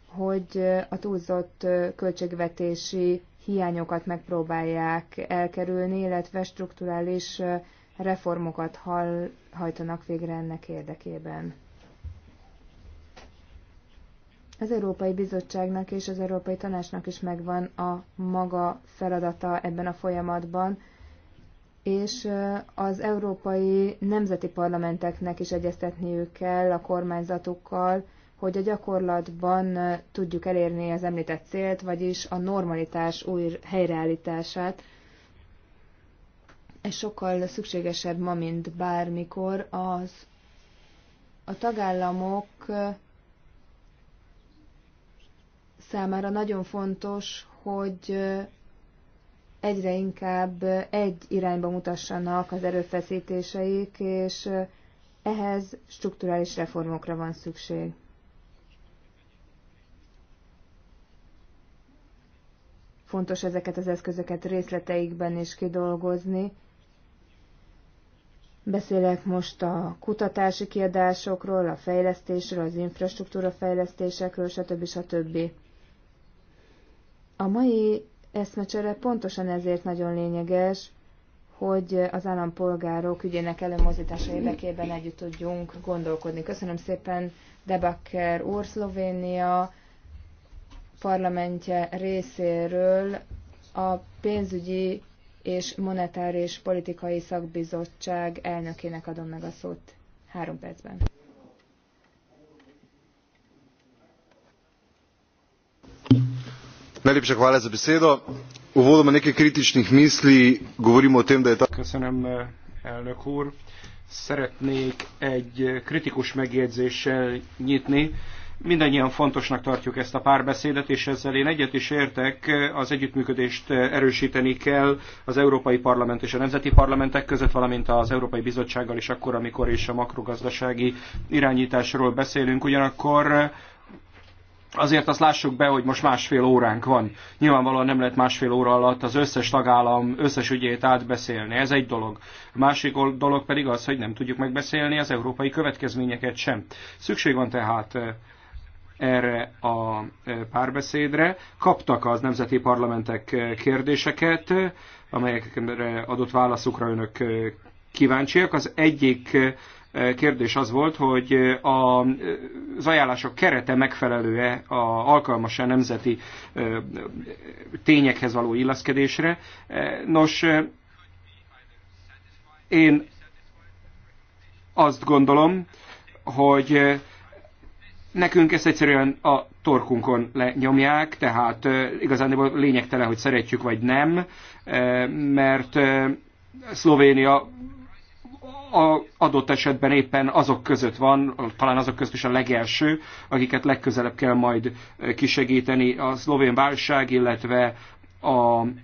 hogy a túlzott költségvetési hiányokat megpróbálják elkerülni, illetve strukturális reformokat hall, hajtanak végre ennek érdekében. Az Európai Bizottságnak és az Európai Tanácsnak is megvan a maga feladata ebben a folyamatban, és az európai nemzeti parlamenteknek is egyeztetniük kell a kormányzatukkal, hogy a gyakorlatban tudjuk elérni az említett célt, vagyis a normalitás új helyreállítását ez sokkal szükségesebb ma, mint bármikor. Az, a tagállamok számára nagyon fontos, hogy egyre inkább egy irányba mutassanak az erőfeszítéseik, és ehhez strukturális reformokra van szükség. Fontos ezeket az eszközöket részleteikben is kidolgozni, Beszélek most a kutatási kiadásokról, a fejlesztésről, az infrastruktúra fejlesztésekről, stb. stb. A mai eszmecsere pontosan ezért nagyon lényeges, hogy az állampolgárok ügyének előmozítása érdekében együtt tudjunk gondolkodni. Köszönöm szépen Debakker úr, Szlovénia parlamentje részéről a pénzügyi és Monetáris Politikai Szakbizottság elnökének adom meg a szót három percben. Najlepša hvala za besedo. Uvodoma nekaj kritičnih misli, govorimo o tem, da je ta... Köszönöm, elnök úr. Szeretnék egy kritikus megjegyzéssel nyitni Mindannyian fontosnak tartjuk ezt a párbeszédet, és ezzel én egyet is értek, az együttműködést erősíteni kell az Európai Parlament és a Nemzeti Parlamentek között, valamint az Európai Bizottsággal is akkor, amikor is a makrogazdasági irányításról beszélünk. Ugyanakkor azért azt lássuk be, hogy most másfél óránk van. Nyilvánvalóan nem lehet másfél óra alatt az összes tagállam összes ügyét átbeszélni. Ez egy dolog. A másik dolog pedig az, hogy nem tudjuk megbeszélni az európai következményeket sem. Szükség van tehát eh, erre a párbeszédre. Kaptak az nemzeti parlamentek kérdéseket, amelyekre adott válaszukra önök kíváncsiak. Az egyik kérdés az volt, hogy a, az ajánlások kerete megfelelő-e, a, alkalmas-e nemzeti tényekhez való illeszkedésre. Nos, én azt gondolom, hogy Nekünk ezt egyszerűen a torkunkon lenyomják, tehát igazán lényegtelen, hogy szeretjük vagy nem, mert Szlovénia a adott esetben éppen azok között van, talán azok között is a legelső, akiket legközelebb kell majd kisegíteni a szlovén válság, illetve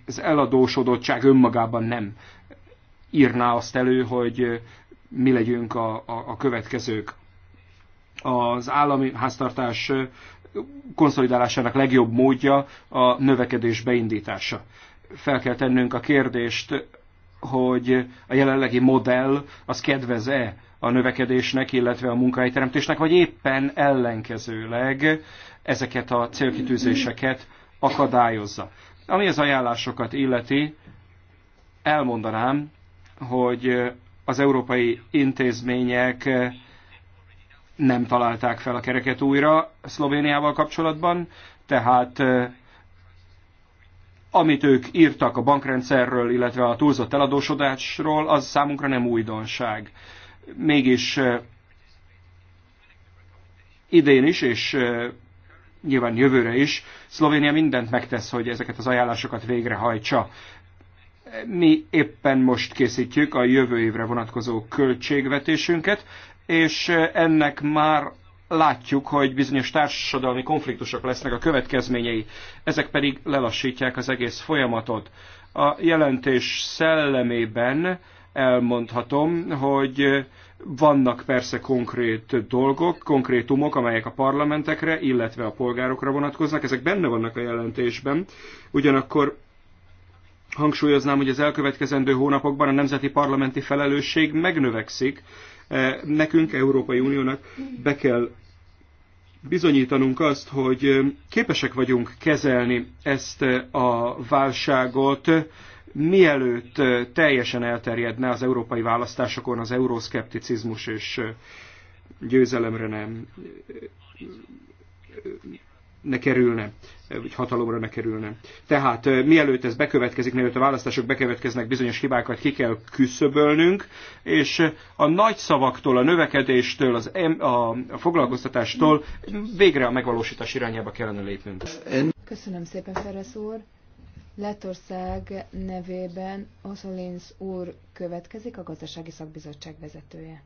az eladósodottság önmagában nem írná azt elő, hogy mi legyünk a, a, a következők az állami háztartás konszolidálásának legjobb módja a növekedés beindítása. Fel kell tennünk a kérdést, hogy a jelenlegi modell az kedvez-e a növekedésnek, illetve a munkahelyteremtésnek, vagy éppen ellenkezőleg ezeket a célkitűzéseket akadályozza. Ami az ajánlásokat illeti, elmondanám, hogy az európai intézmények nem találták fel a kereket újra Szlovéniával kapcsolatban, tehát amit ők írtak a bankrendszerről, illetve a túlzott eladósodásról, az számunkra nem újdonság. Mégis idén is, és nyilván jövőre is, Szlovénia mindent megtesz, hogy ezeket az ajánlásokat végrehajtsa. Mi éppen most készítjük a jövő évre vonatkozó költségvetésünket, és ennek már látjuk, hogy bizonyos társadalmi konfliktusok lesznek a következményei, ezek pedig lelassítják az egész folyamatot. A jelentés szellemében elmondhatom, hogy vannak persze konkrét dolgok, konkrétumok, amelyek a parlamentekre, illetve a polgárokra vonatkoznak, ezek benne vannak a jelentésben, ugyanakkor hangsúlyoznám, hogy az elkövetkezendő hónapokban a nemzeti parlamenti felelősség megnövekszik, Eh, nekünk, Európai Uniónak be kell bizonyítanunk azt, hogy eh, képesek vagyunk kezelni ezt eh, a válságot, mielőtt teljesen elterjedne az európai választásokon az euroszkepticizmus és győzelemre nem ne kerülne vagy hatalomra ne kerülne. Tehát mielőtt ez bekövetkezik, mielőtt a választások bekövetkeznek, bizonyos hibákat ki kell küszöbölnünk, és a nagy szavaktól, a növekedéstől, az em, a, a foglalkoztatástól végre a megvalósítás irányába kellene lépnünk. Köszönöm szépen, Feresz úr! Lettország nevében Oszolinsz úr következik, a gazdasági szakbizottság vezetője.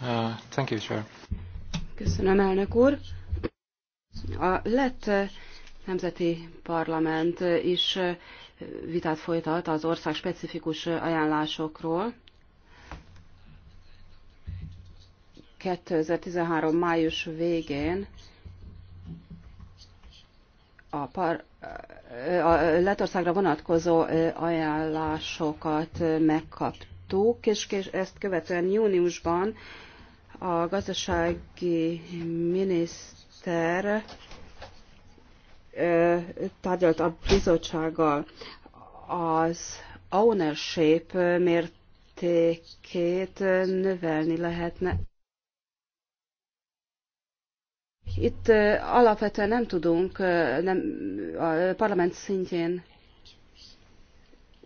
Uh, thank you, sir. Köszönöm, elnök úr. A lett nemzeti parlament is vitát folytat az ország specifikus ajánlásokról. 2013. május végén a, par, a Letországra vonatkozó ajánlásokat megkaptuk, és ezt követően júniusban a gazdasági miniszter tárgyalt a bizottsággal az ownership mértékét növelni lehetne. Itt alapvetően nem tudunk nem, a parlament szintjén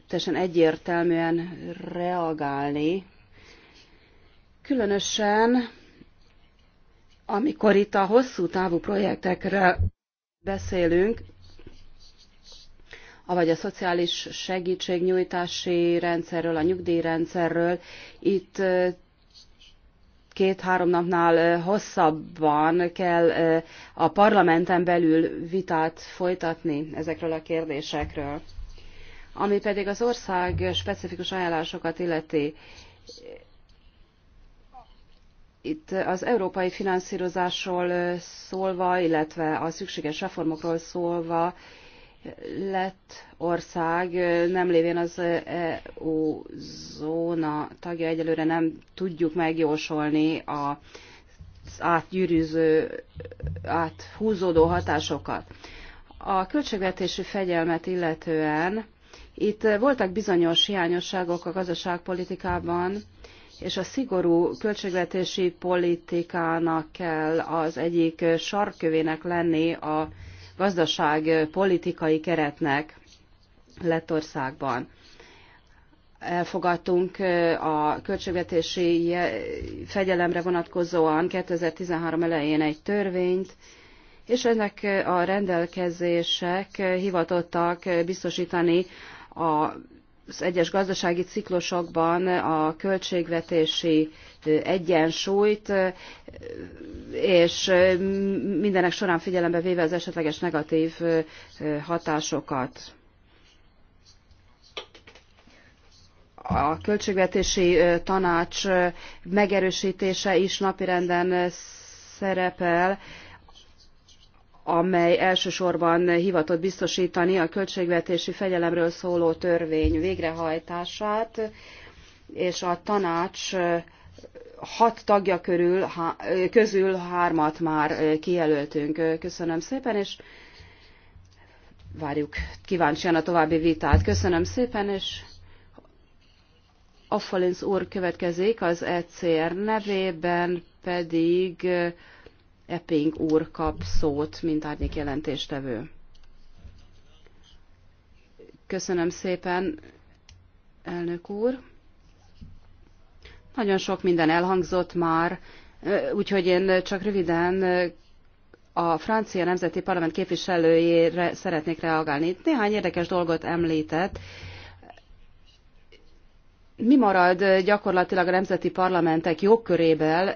teljesen egyértelműen reagálni Különösen, amikor itt a hosszú távú projektekre beszélünk, avagy a szociális segítségnyújtási rendszerről, a nyugdíjrendszerről, itt két-három napnál hosszabban kell a parlamenten belül vitát folytatni ezekről a kérdésekről. Ami pedig az ország specifikus ajánlásokat illeti, itt az európai finanszírozásról szólva, illetve a szükséges reformokról szólva lett ország, nem lévén az EU zóna tagja, egyelőre nem tudjuk megjósolni a az átgyűrűző, áthúzódó hatásokat. A költségvetési fegyelmet illetően itt voltak bizonyos hiányosságok a gazdaságpolitikában, és a szigorú költségvetési politikának kell az egyik sarkövének lenni a gazdaság politikai keretnek Lettországban. Elfogadtunk a költségvetési fegyelemre vonatkozóan 2013 elején egy törvényt, és ennek a rendelkezések hivatottak biztosítani a az egyes gazdasági ciklusokban a költségvetési egyensúlyt, és mindenek során figyelembe véve az esetleges negatív hatásokat. A költségvetési tanács megerősítése is napirenden szerepel, amely elsősorban hivatott biztosítani a költségvetési fegyelemről szóló törvény végrehajtását, és a tanács hat tagja körül, közül hármat már kijelöltünk. Köszönöm szépen, és várjuk kíváncsian a további vitát. Köszönöm szépen, és Affalinsz úr következik az ECR nevében, pedig Epping úr kap szót, mint árnyék jelentéstevő. Köszönöm szépen, elnök úr. Nagyon sok minden elhangzott már, úgyhogy én csak röviden a francia nemzeti parlament képviselőjére szeretnék reagálni. néhány érdekes dolgot említett. Mi marad gyakorlatilag a nemzeti parlamentek jogköréből,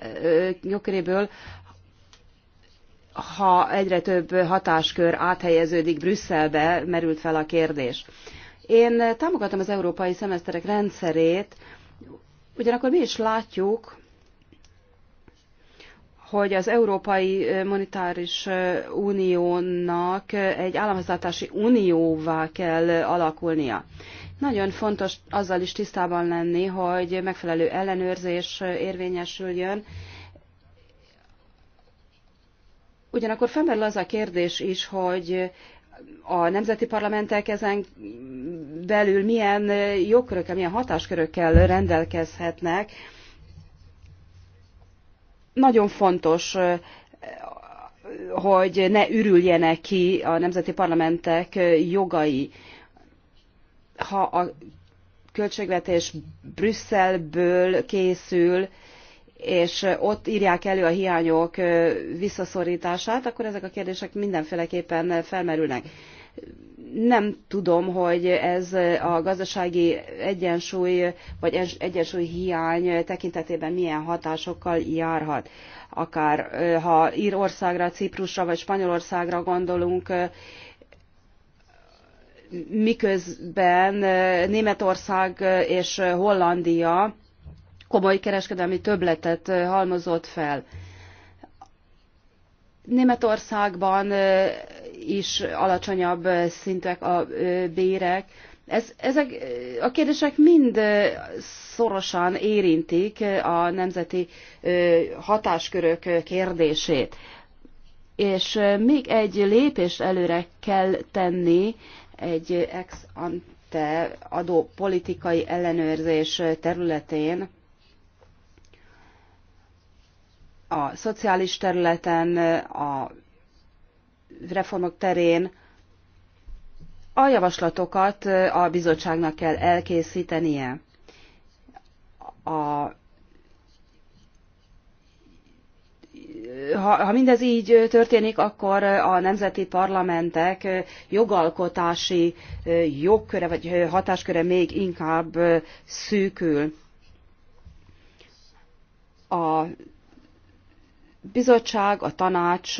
jogköréből ha egyre több hatáskör áthelyeződik Brüsszelbe, merült fel a kérdés. Én támogatom az európai szemeszterek rendszerét, ugyanakkor mi is látjuk, hogy az Európai Monetáris Uniónak egy államháztartási unióvá kell alakulnia. Nagyon fontos azzal is tisztában lenni, hogy megfelelő ellenőrzés érvényesüljön, Ugyanakkor felmerül az a kérdés is, hogy a nemzeti parlamentek ezen belül milyen jogkörökkel, milyen hatáskörökkel rendelkezhetnek. Nagyon fontos, hogy ne ürüljenek ki a nemzeti parlamentek jogai. Ha a költségvetés Brüsszelből készül, és ott írják elő a hiányok visszaszorítását, akkor ezek a kérdések mindenféleképpen felmerülnek. Nem tudom, hogy ez a gazdasági egyensúly vagy egyensúly hiány tekintetében milyen hatásokkal járhat. Akár ha Írországra, Ciprusra vagy Spanyolországra gondolunk, miközben Németország és Hollandia komoly kereskedelmi töbletet halmozott fel. Németországban is alacsonyabb szintek a bérek. Ez, ezek a kérdések mind szorosan érintik a nemzeti hatáskörök kérdését. És még egy lépést előre kell tenni egy ex ante adópolitikai ellenőrzés területén, a szociális területen, a reformok terén. A javaslatokat a bizottságnak kell elkészítenie. A ha, ha mindez így történik, akkor a nemzeti parlamentek jogalkotási jogköre vagy hatásköre még inkább szűkül. A bizottság, a tanács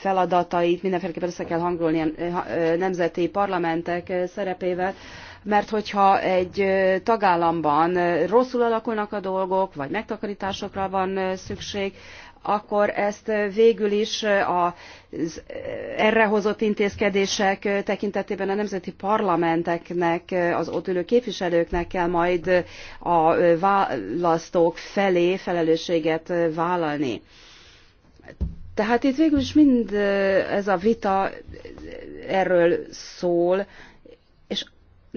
feladatait mindenféleképpen össze kell hangolni a nemzeti parlamentek szerepével, mert hogyha egy tagállamban rosszul alakulnak a dolgok, vagy megtakarításokra van szükség, akkor ezt végül is az erre hozott intézkedések tekintetében a nemzeti parlamenteknek, az ott ülő képviselőknek kell majd a választók felé felelősséget vállalni. Tehát itt végül is mind ez a vita erről szól,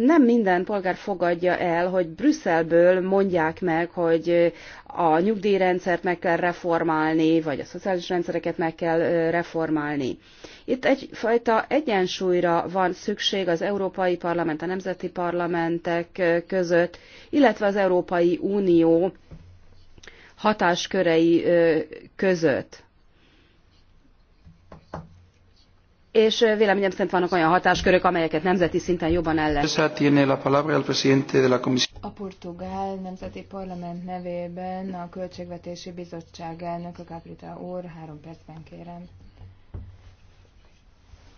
nem minden polgár fogadja el, hogy Brüsszelből mondják meg, hogy a nyugdíjrendszert meg kell reformálni, vagy a szociális rendszereket meg kell reformálni. Itt egyfajta egyensúlyra van szükség az Európai Parlament, a nemzeti parlamentek között, illetve az Európai Unió hatáskörei között. és véleményem szerint vannak olyan hatáskörök, amelyeket nemzeti szinten jobban lehet. A portugál nemzeti parlament nevében a Költségvetési Bizottság elnöke Caprita úr, három percben kérem.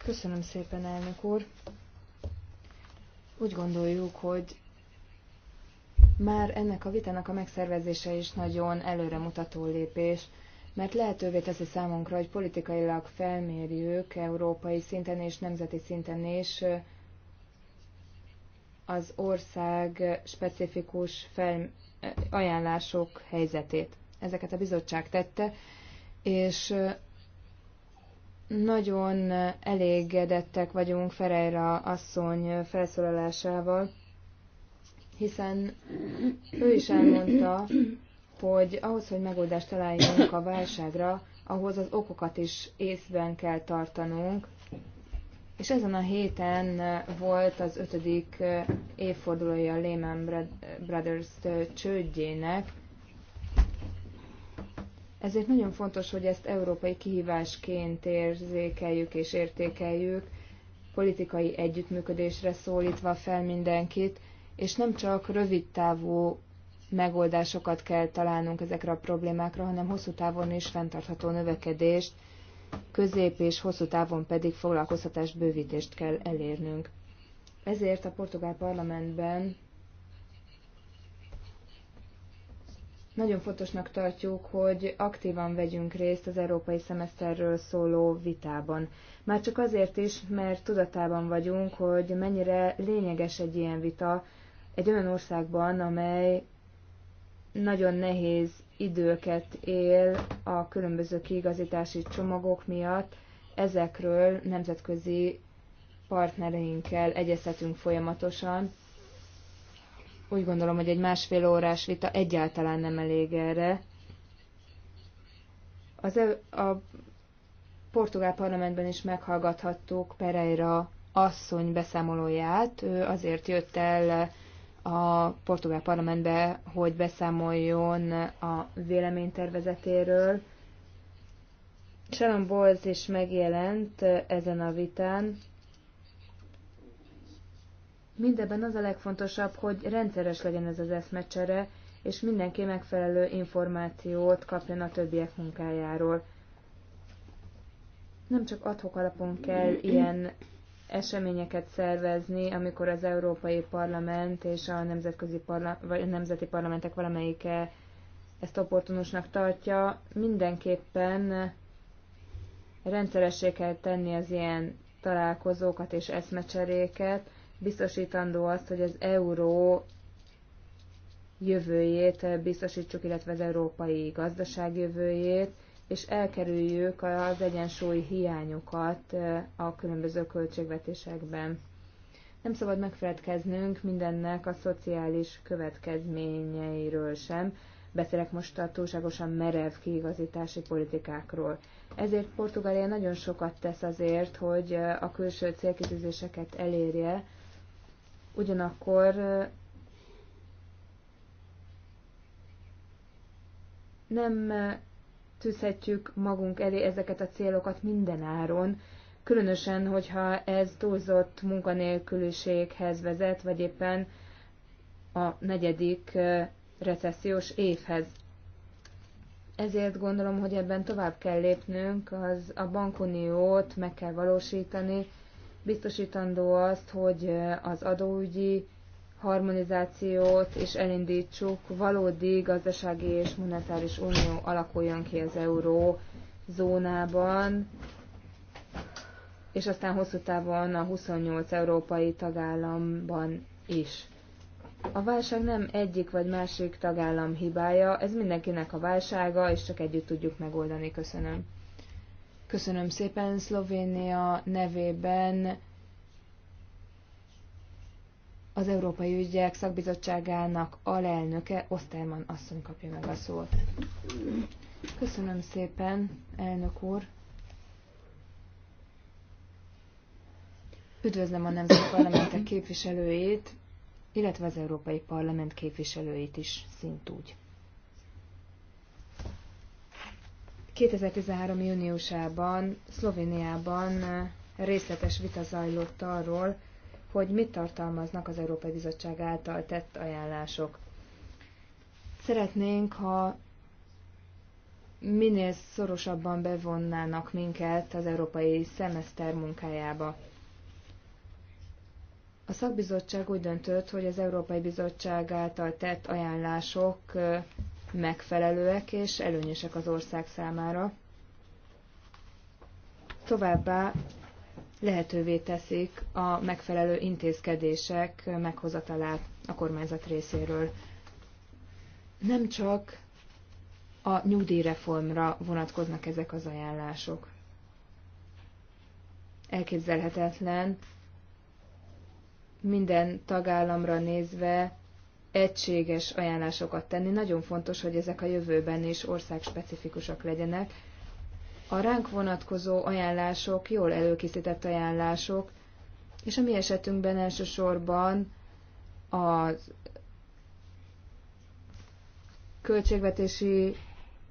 Köszönöm szépen, elnök úr. Úgy gondoljuk, hogy már ennek a vitának a megszervezése is nagyon előremutató lépés mert lehetővé teszi számunkra, hogy politikailag felmérjük európai szinten és nemzeti szinten is az ország specifikus fel, ajánlások helyzetét. Ezeket a bizottság tette, és nagyon elégedettek vagyunk Ferejra asszony felszólalásával, hiszen ő is elmondta, hogy ahhoz, hogy megoldást találjunk a válságra, ahhoz az okokat is észben kell tartanunk, és ezen a héten volt az ötödik évfordulója a Lehman Brothers csődjének, ezért nagyon fontos, hogy ezt európai kihívásként érzékeljük és értékeljük, politikai együttműködésre szólítva fel mindenkit, és nem csak rövidtávú megoldásokat kell találnunk ezekre a problémákra, hanem hosszú távon is fenntartható növekedést, közép és hosszú távon pedig foglalkoztatás bővítést kell elérnünk. Ezért a portugál parlamentben nagyon fontosnak tartjuk, hogy aktívan vegyünk részt az európai szemeszterről szóló vitában. Már csak azért is, mert tudatában vagyunk, hogy mennyire lényeges egy ilyen vita egy olyan országban, amely nagyon nehéz időket él a különböző kiigazítási csomagok miatt, ezekről nemzetközi partnereinkkel egyeztetünk folyamatosan. Úgy gondolom, hogy egy másfél órás vita egyáltalán nem elég erre. Az a portugál parlamentben is meghallgathattuk Pereira asszony beszámolóját. Ő azért jött el a portugál parlamentbe, hogy beszámoljon a véleménytervezetéről. Sharon Bowles is megjelent ezen a vitán. Mindebben az a legfontosabb, hogy rendszeres legyen ez az eszmecsere, és mindenki megfelelő információt kapjon a többiek munkájáról. Nem csak adhok alapon kell ilyen eseményeket szervezni, amikor az Európai Parlament és a nemzetközi parla- vagy a nemzeti parlamentek valamelyike ezt opportunusnak tartja, mindenképpen rendszeressé kell tenni az ilyen találkozókat és eszmecseréket, biztosítandó azt, hogy az euró jövőjét biztosítsuk, illetve az európai gazdaság jövőjét, és elkerüljük az egyensúly hiányokat a különböző költségvetésekben. Nem szabad megfeledkeznünk mindennek a szociális következményeiről sem, beszélek most a túlságosan merev kiigazítási politikákról. Ezért Portugália nagyon sokat tesz azért, hogy a külső célkitűzéseket elérje, ugyanakkor nem tűzhetjük magunk elé ezeket a célokat minden áron, különösen, hogyha ez túlzott munkanélküliséghez vezet, vagy éppen a negyedik recessziós évhez. Ezért gondolom, hogy ebben tovább kell lépnünk, az a bankuniót meg kell valósítani, biztosítandó azt, hogy az adóügyi harmonizációt és elindítsuk, valódi gazdasági és monetáris unió alakuljon ki az euró zónában, és aztán hosszú távon a 28 európai tagállamban is. A válság nem egyik vagy másik tagállam hibája, ez mindenkinek a válsága, és csak együtt tudjuk megoldani. Köszönöm. Köszönöm szépen Szlovénia nevében az Európai Ügyek Szakbizottságának alelnöke, Osterman asszony kapja meg a szót. Köszönöm szépen, elnök úr. Üdvözlöm a Nemzeti Parlamentek képviselőjét, illetve az Európai Parlament képviselőit is szintúgy. 2013. júniusában Szlovéniában részletes vita zajlott arról, hogy mit tartalmaznak az Európai Bizottság által tett ajánlások. Szeretnénk, ha minél szorosabban bevonnának minket az európai szemeszter munkájába. A szakbizottság úgy döntött, hogy az Európai Bizottság által tett ajánlások megfelelőek és előnyösek az ország számára. Továbbá lehetővé teszik a megfelelő intézkedések meghozatalát a kormányzat részéről. Nem csak a nyugdíjreformra vonatkoznak ezek az ajánlások. Elképzelhetetlen minden tagállamra nézve egységes ajánlásokat tenni. Nagyon fontos, hogy ezek a jövőben is országspecifikusak legyenek, a ránk vonatkozó ajánlások jól előkészített ajánlások, és a mi esetünkben elsősorban a költségvetési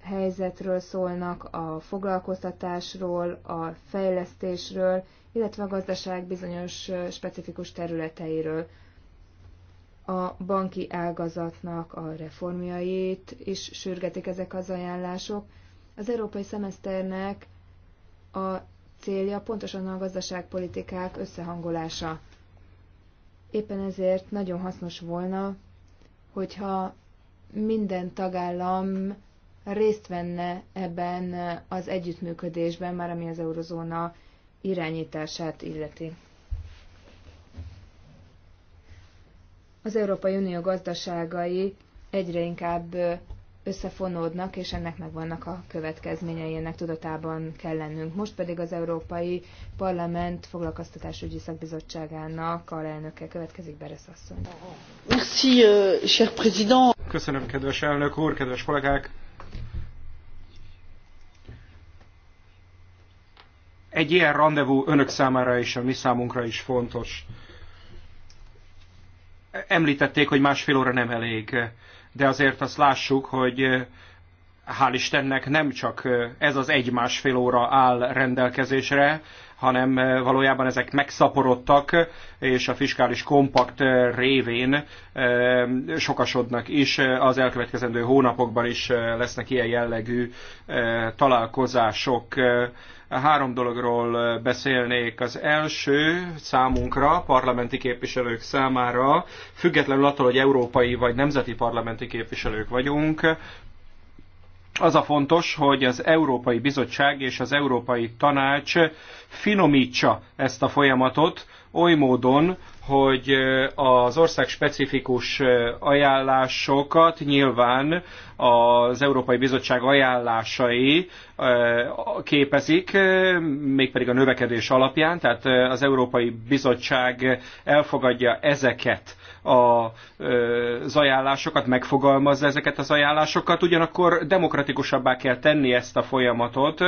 helyzetről szólnak, a foglalkoztatásról, a fejlesztésről, illetve a gazdaság bizonyos specifikus területeiről. A banki ágazatnak a reformjait is sürgetik ezek az ajánlások, az európai szemeszternek a célja pontosan a gazdaságpolitikák összehangolása. Éppen ezért nagyon hasznos volna, hogyha minden tagállam részt venne ebben az együttműködésben, már ami az eurozóna irányítását illeti. Az Európai Unió gazdaságai egyre inkább összefonódnak, és ennek megvannak a következményei, ennek tudatában kell lennünk. Most pedig az Európai Parlament foglalkoztatásügyi szakbizottságának a elnöke következik, Beres asszony. Merci, euh, cher président. Köszönöm, kedves elnök úr, kedves kollégák! Egy ilyen rendezvú önök számára és a mi számunkra is fontos. Említették, hogy másfél óra nem elég de azért azt lássuk, hogy hál' Istennek nem csak ez az egy-másfél óra áll rendelkezésre, hanem valójában ezek megszaporodtak, és a fiskális kompakt révén sokasodnak is. Az elkövetkezendő hónapokban is lesznek ilyen jellegű találkozások. Három dologról beszélnék. Az első számunkra, parlamenti képviselők számára, függetlenül attól, hogy európai vagy nemzeti parlamenti képviselők vagyunk, az a fontos, hogy az Európai Bizottság és az Európai Tanács finomítsa ezt a folyamatot oly módon, hogy az ország specifikus ajánlásokat nyilván az Európai Bizottság ajánlásai képezik, mégpedig a növekedés alapján, tehát az Európai Bizottság elfogadja ezeket az ajánlásokat, megfogalmazza ezeket az ajánlásokat, ugyanakkor demokratikusabbá kell tenni ezt a folyamatot.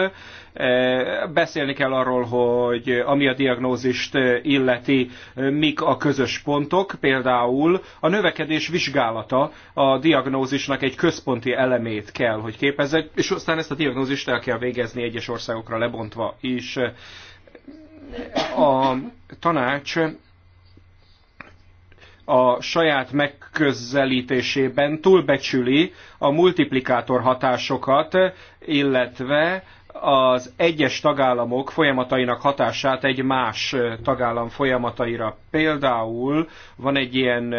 Beszélni kell arról, hogy ami a diagnózist illeti, mik a közös pontok, például a növekedés vizsgálata a diagnózisnak egy központi elemét kell, hogy képezze, és aztán ezt a diagnózist el kell végezni egyes országokra lebontva is. A tanács a saját megközelítésében túlbecsüli a multiplikátor hatásokat, illetve az egyes tagállamok folyamatainak hatását egy más tagállam folyamataira. Például van egy ilyen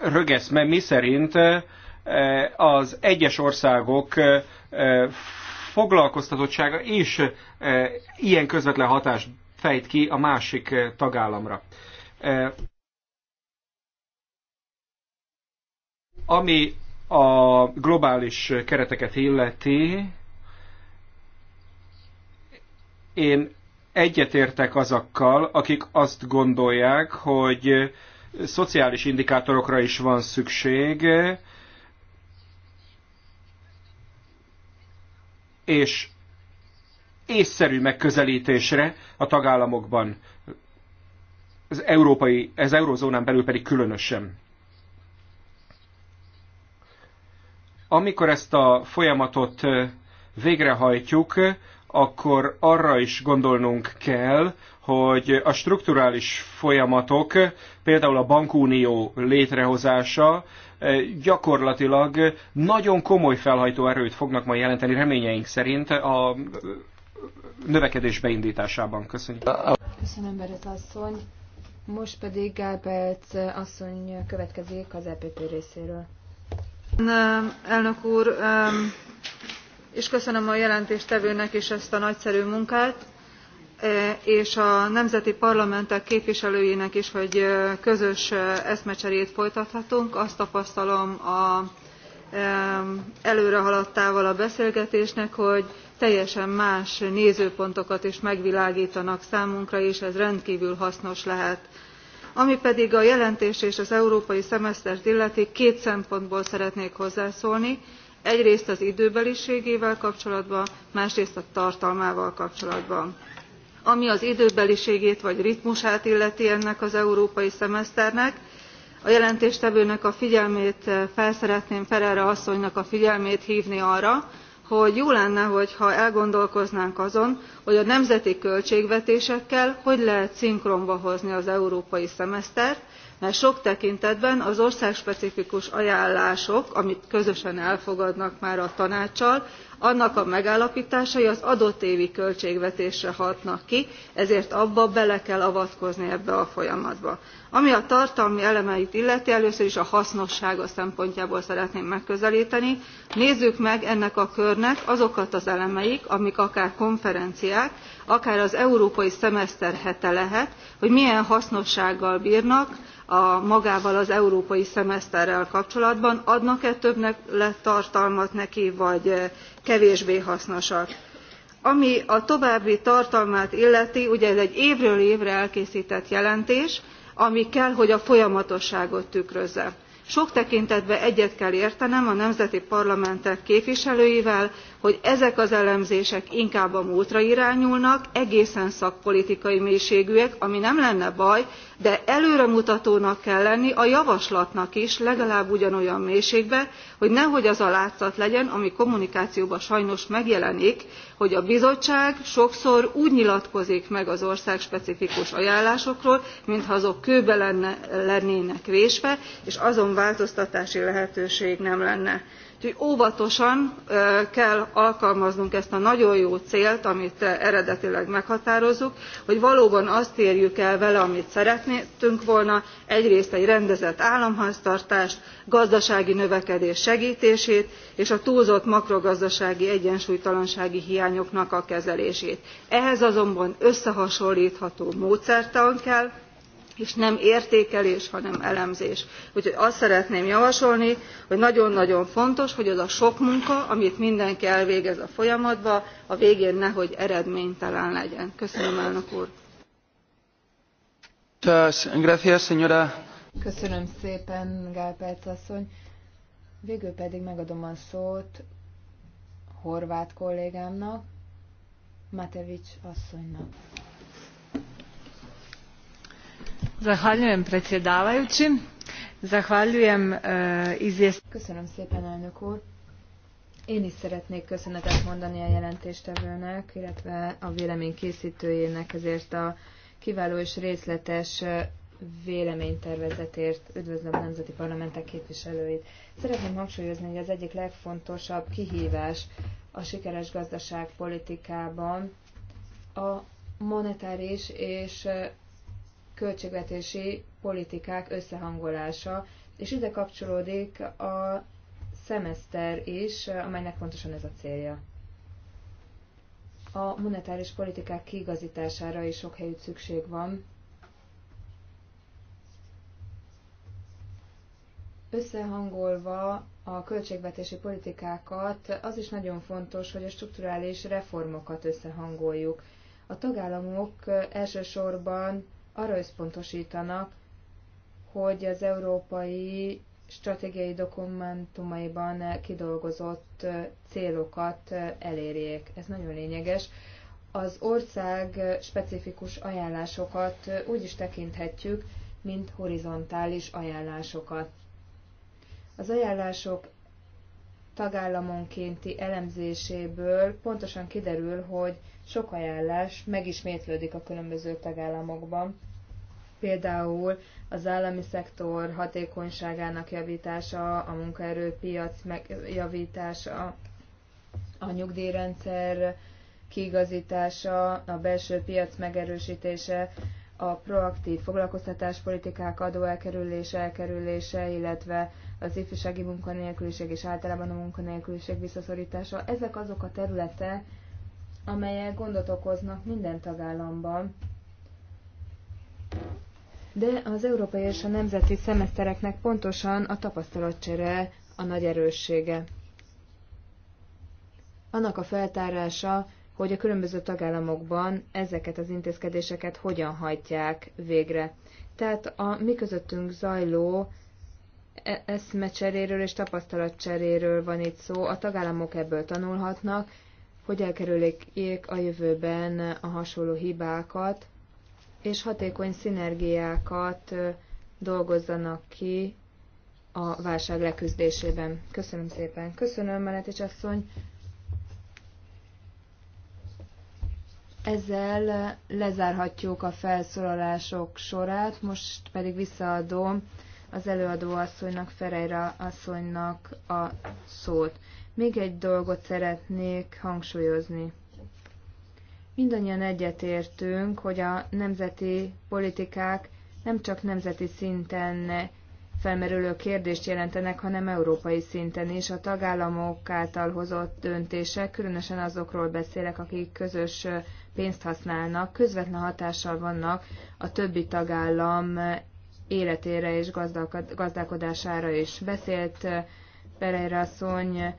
rögeszme, mi szerint az egyes országok foglalkoztatottsága is ilyen közvetlen hatást fejt ki a másik eh, tagállamra. Eh, ami a globális kereteket illeti, én egyetértek azokkal, akik azt gondolják, hogy szociális indikátorokra is van szükség, és észszerű megközelítésre a tagállamokban, az európai, ez eurozónán belül pedig különösen. Amikor ezt a folyamatot végrehajtjuk, akkor arra is gondolnunk kell, hogy a strukturális folyamatok, például a bankunió létrehozása gyakorlatilag nagyon komoly felhajtó erőt fognak majd jelenteni reményeink szerint a növekedés beindításában. Köszönjük. Köszönöm, Beret asszony. Most pedig Gálperc asszony következik az EPP részéről. Elnök úr, és köszönöm a jelentéstevőnek is ezt a nagyszerű munkát, e, és a nemzeti parlamentek képviselőinek is, hogy e, közös e, eszmecserét folytathatunk. Azt tapasztalom a előrehaladtával a beszélgetésnek, hogy teljesen más nézőpontokat is megvilágtanak számunkra és ez rendkvül hasznos lehet. ami pedig a jelentést és az európai szemesztert illeti két szempontból szeretnék hozzászólni egyrészt az időbeliségével kapcsolatban másrészt a tartalmával kapcsolatban. ami az időbeliségét vagy ritmusát illeti ennek az európai szemeszternek a jelentéstevőnek a figyelmét eh, fel szeretném ferreira asszonynak a figyelmét hvni arra hogy jó lenne ha elgondolkoznánk azon hogy a nemzeti költségvetésekkel hogy lehet szinkronba hozni az európai szemesztert mert sok tekintetben az országspecifikus ajánlások amit közösen elfogadnak már a tanáccsal annak a megállaptásai az adott évi költségvetésre hatnak ki ezért abba bele kell avatkozni ebbe a folyamatba. ami a tartalmi elemeit illeti először is a hasznossága szempontjából szeretném megközelteni nézzük meg ennek a körnek azokat az elemeit amik akár konferenciák akár az európai szemeszter hete lehet hogy milyen hasznossággal brnak a magával az európai szemeszterrel kapcsolatban adnak e több tartalmat neki vagy eh, kevésbé hasznosak. ami a további tartalmát illeti ugye ez egy évről évre elkésztett jelentés ami kell hogy a folyamatosságot tükrözze. sok tekintetben egyet kell értenem a nemzeti parlamentek képviselőivel hogy ezek az elemzések inkább a múltra irányulnak egészen szakpolitikai mélységűek ami nem lenne baj de előremutatónak kell lenni a javaslatnak is legalább ugyanolyan mélységben hogy nehogy az a látszat legyen ami kommunikációban sajnos megjelenik hogy a bizottság sokszor úgy nyilatkozik meg az országspecifikus ajánlásokról mintha azok kőbe lennének vésve és azon változtatási lehetőség nem lenne úgyhogy óvatosan kell alkalmaznunk ezt a nagyon jó célt amit eredetileg meghatározunk hogy valóban azt érjük el vele amit szerettünk volna egyrészt egy rendezett államháztartást gazdasági növekedés segtését és a túlzott makrogazdasági egyensúlytalansági hiányoknak a kezelését. ehhez azonban összehasonltható módszertan kell és nem értékelés hanem elemzés. úgyhogy azt szeretném javasolni hogy nagyon nagyon fontos hogy az a sok munka amit mindenki elvégez a folyamatban a végén nehogy eredménytelen legyen. köszönöm elnök úr! Köszönöm szépen, Gálperc asszony. Végül pedig megadom a szót horvát kollégámnak, Matevics asszonynak. Zahvaljujem predsjedavajući. Zahvaljujem e, Köszönöm szépen, elnök úr. Én is szeretnék köszönetet mondani a jelentéstevőnek, illetve a vélemény készítőjének ezért a kiváló és részletes e, véleménytervezetért. Üdvözlöm a Nemzeti Parlamentek képviselőit. Szeretném hangsúlyozni, hogy az egyik legfontosabb kihívás a sikeres gazdaságpolitikában a monetáris és e, költségvetési politikák összehangolása, és ide kapcsolódik a szemeszter is, amelynek pontosan ez a célja. A monetáris politikák kiigazítására is sok helyütt szükség van. Összehangolva a költségvetési politikákat, az is nagyon fontos, hogy a strukturális reformokat összehangoljuk. A tagállamok elsősorban arra összpontosítanak, hogy az európai stratégiai dokumentumaiban kidolgozott célokat elérjék. Ez nagyon lényeges. Az ország specifikus ajánlásokat úgy is tekinthetjük, mint horizontális ajánlásokat. Az ajánlások tagállamonkénti elemzéséből pontosan kiderül, hogy sok ajánlás megismétlődik a különböző tagállamokban például az állami szektor hatékonyságának javítása, a munkaerőpiac megjavítása, a nyugdíjrendszer kiigazítása, a belső piac megerősítése, a proaktív foglalkoztatáspolitikák adóelkerülése, elkerülése, illetve az ifjúsági munkanélküliség és általában a munkanélküliség visszaszorítása. Ezek azok a területek, amelyek gondot okoznak minden tagállamban de az európai és a nemzeti szemesztereknek pontosan a tapasztalatcsere a nagy erőssége. Annak a feltárása, hogy a különböző tagállamokban ezeket az intézkedéseket hogyan hajtják végre. Tehát a mi közöttünk zajló e- eszmecseréről és tapasztalatcseréről van itt szó, a tagállamok ebből tanulhatnak, hogy elkerüljék a jövőben a hasonló hibákat, és hatékony szinergiákat dolgozzanak ki a válság leküzdésében. Köszönöm szépen. Köszönöm, Meletics asszony. Ezzel lezárhatjuk a felszólalások sorát, most pedig visszaadom az előadó asszonynak, Ferejra asszonynak a szót. Még egy dolgot szeretnék hangsúlyozni. Mindannyian egyetértünk, hogy a nemzeti politikák nem csak nemzeti szinten felmerülő kérdést jelentenek, hanem európai szinten is. A tagállamok által hozott döntések, különösen azokról beszélek, akik közös pénzt használnak, közvetlen hatással vannak a többi tagállam életére és gazdálkodására is. Beszélt Pereira asszony